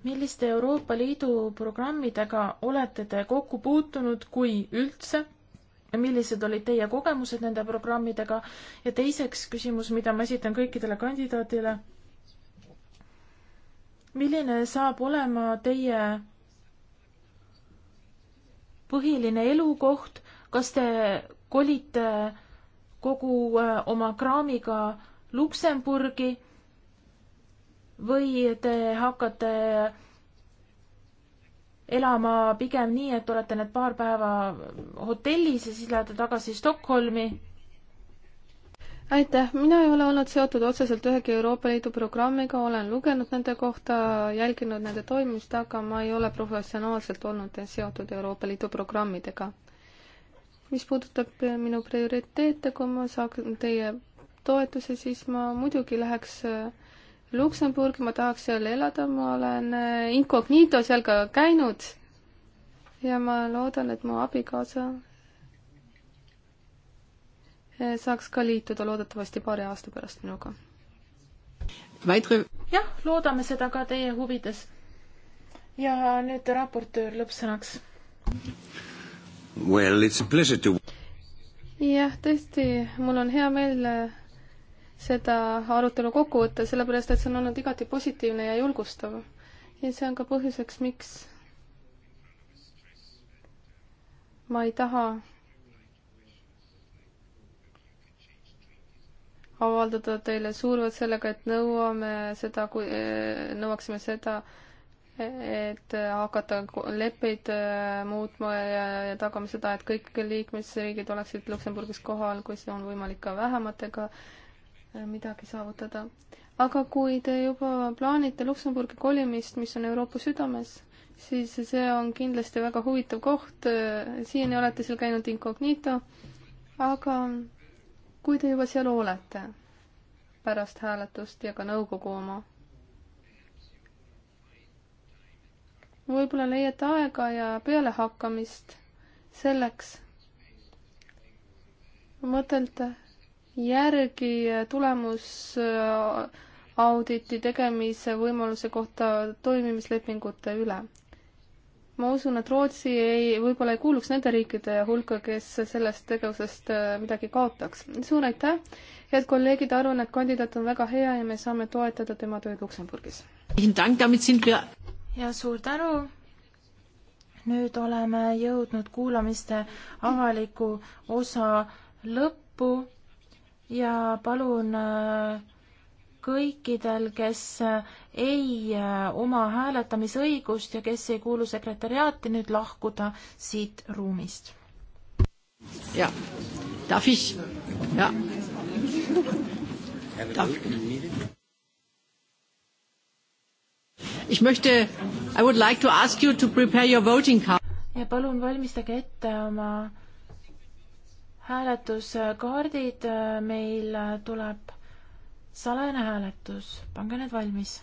milliste Euroopa Liidu programmidega olete te kokku puutunud, kui üldse? millised olid teie kogemused nende programmidega ja teiseks küsimus, mida ma esitan kõikidele kandidaatidele milline saab olema teie põhiline elukoht, kas te kolite kogu äh, oma kraamiga Luksemburgi või te hakkate elama pigem nii, et olete need paar päeva hotellis ja siis lähete tagasi Stockholmi? aitäh, mina ei ole olnud seotud otseselt ühegi Euroopa Liidu programmiga, olen lugenud nende kohta, jälginud nende toimimist, aga ma ei ole professionaalselt olnud seotud Euroopa Liidu programmidega. mis puudutab eh, minu prioriteete, kui ma saaksin teie toetuse, siis ma muidugi läheks eh, Luksemburgi, ma tahaks seal elada, ma olen eh, incognito seal ka käinud ja ma loodan, et mu abikaasa Eh, saaks ka liituda loodetavasti paari aasta pärast minuga. jah, loodame seda ka teie huvides. ja nüüd raportöör lõppsõnaks. Well, it's a pleasure to jah, tõesti, mul on hea meel eh, seda arutelu kokku võtta, sellepärast et see on olnud igati positiivne ja julgustav. ja see on ka põhjuseks, miks ma ei taha avaldada teile survet sellega, et nõuame seda, kui, eh, nõuaksime seda, et hakata leppeid eh, muutma ja, ja tagama seda, et kõik liikmesriigid oleksid Luksemburgis kohal, kui see on võimalik ka vähematega eh, midagi saavutada. aga kui te juba plaanite Luksemburgi kolimist, mis on Euroopa südames, siis see on kindlasti väga huvitav koht, siiani olete seal käinud incognito, aga kui te juba seal olete pärast hääletust ja ka nõukogu oma, võib-olla leiate aega ja pealehakkamist selleks mõtelda järgi tulemusauditi äh, tegemise võimaluse kohta toimimislepingute üle ma usun, et Rootsi ei, võib-olla ei kuuluks nende riikide hulka, kes sellest tegevusest äh, midagi kaotaks. suur aitäh, head kolleegid, arvan, et kandidaat on väga hea ja me saame toetada tema tööd Luksemburgis. ja suur tänu. nüüd oleme jõudnud kuulamiste avaliku osa lõppu ja palun äh, kõikidel, kes äh, ei äh, oma hääletamisõigust ja kes ei kuulu sekretäriaati, nüüd lahkuda siit ruumist. jah, darf ich? jah. Ich möchte, I would like to ask you to prepare your voting card. ja palun valmistage ette oma hääletuskaardid, meil tuleb salajane hääletus, pange need valmis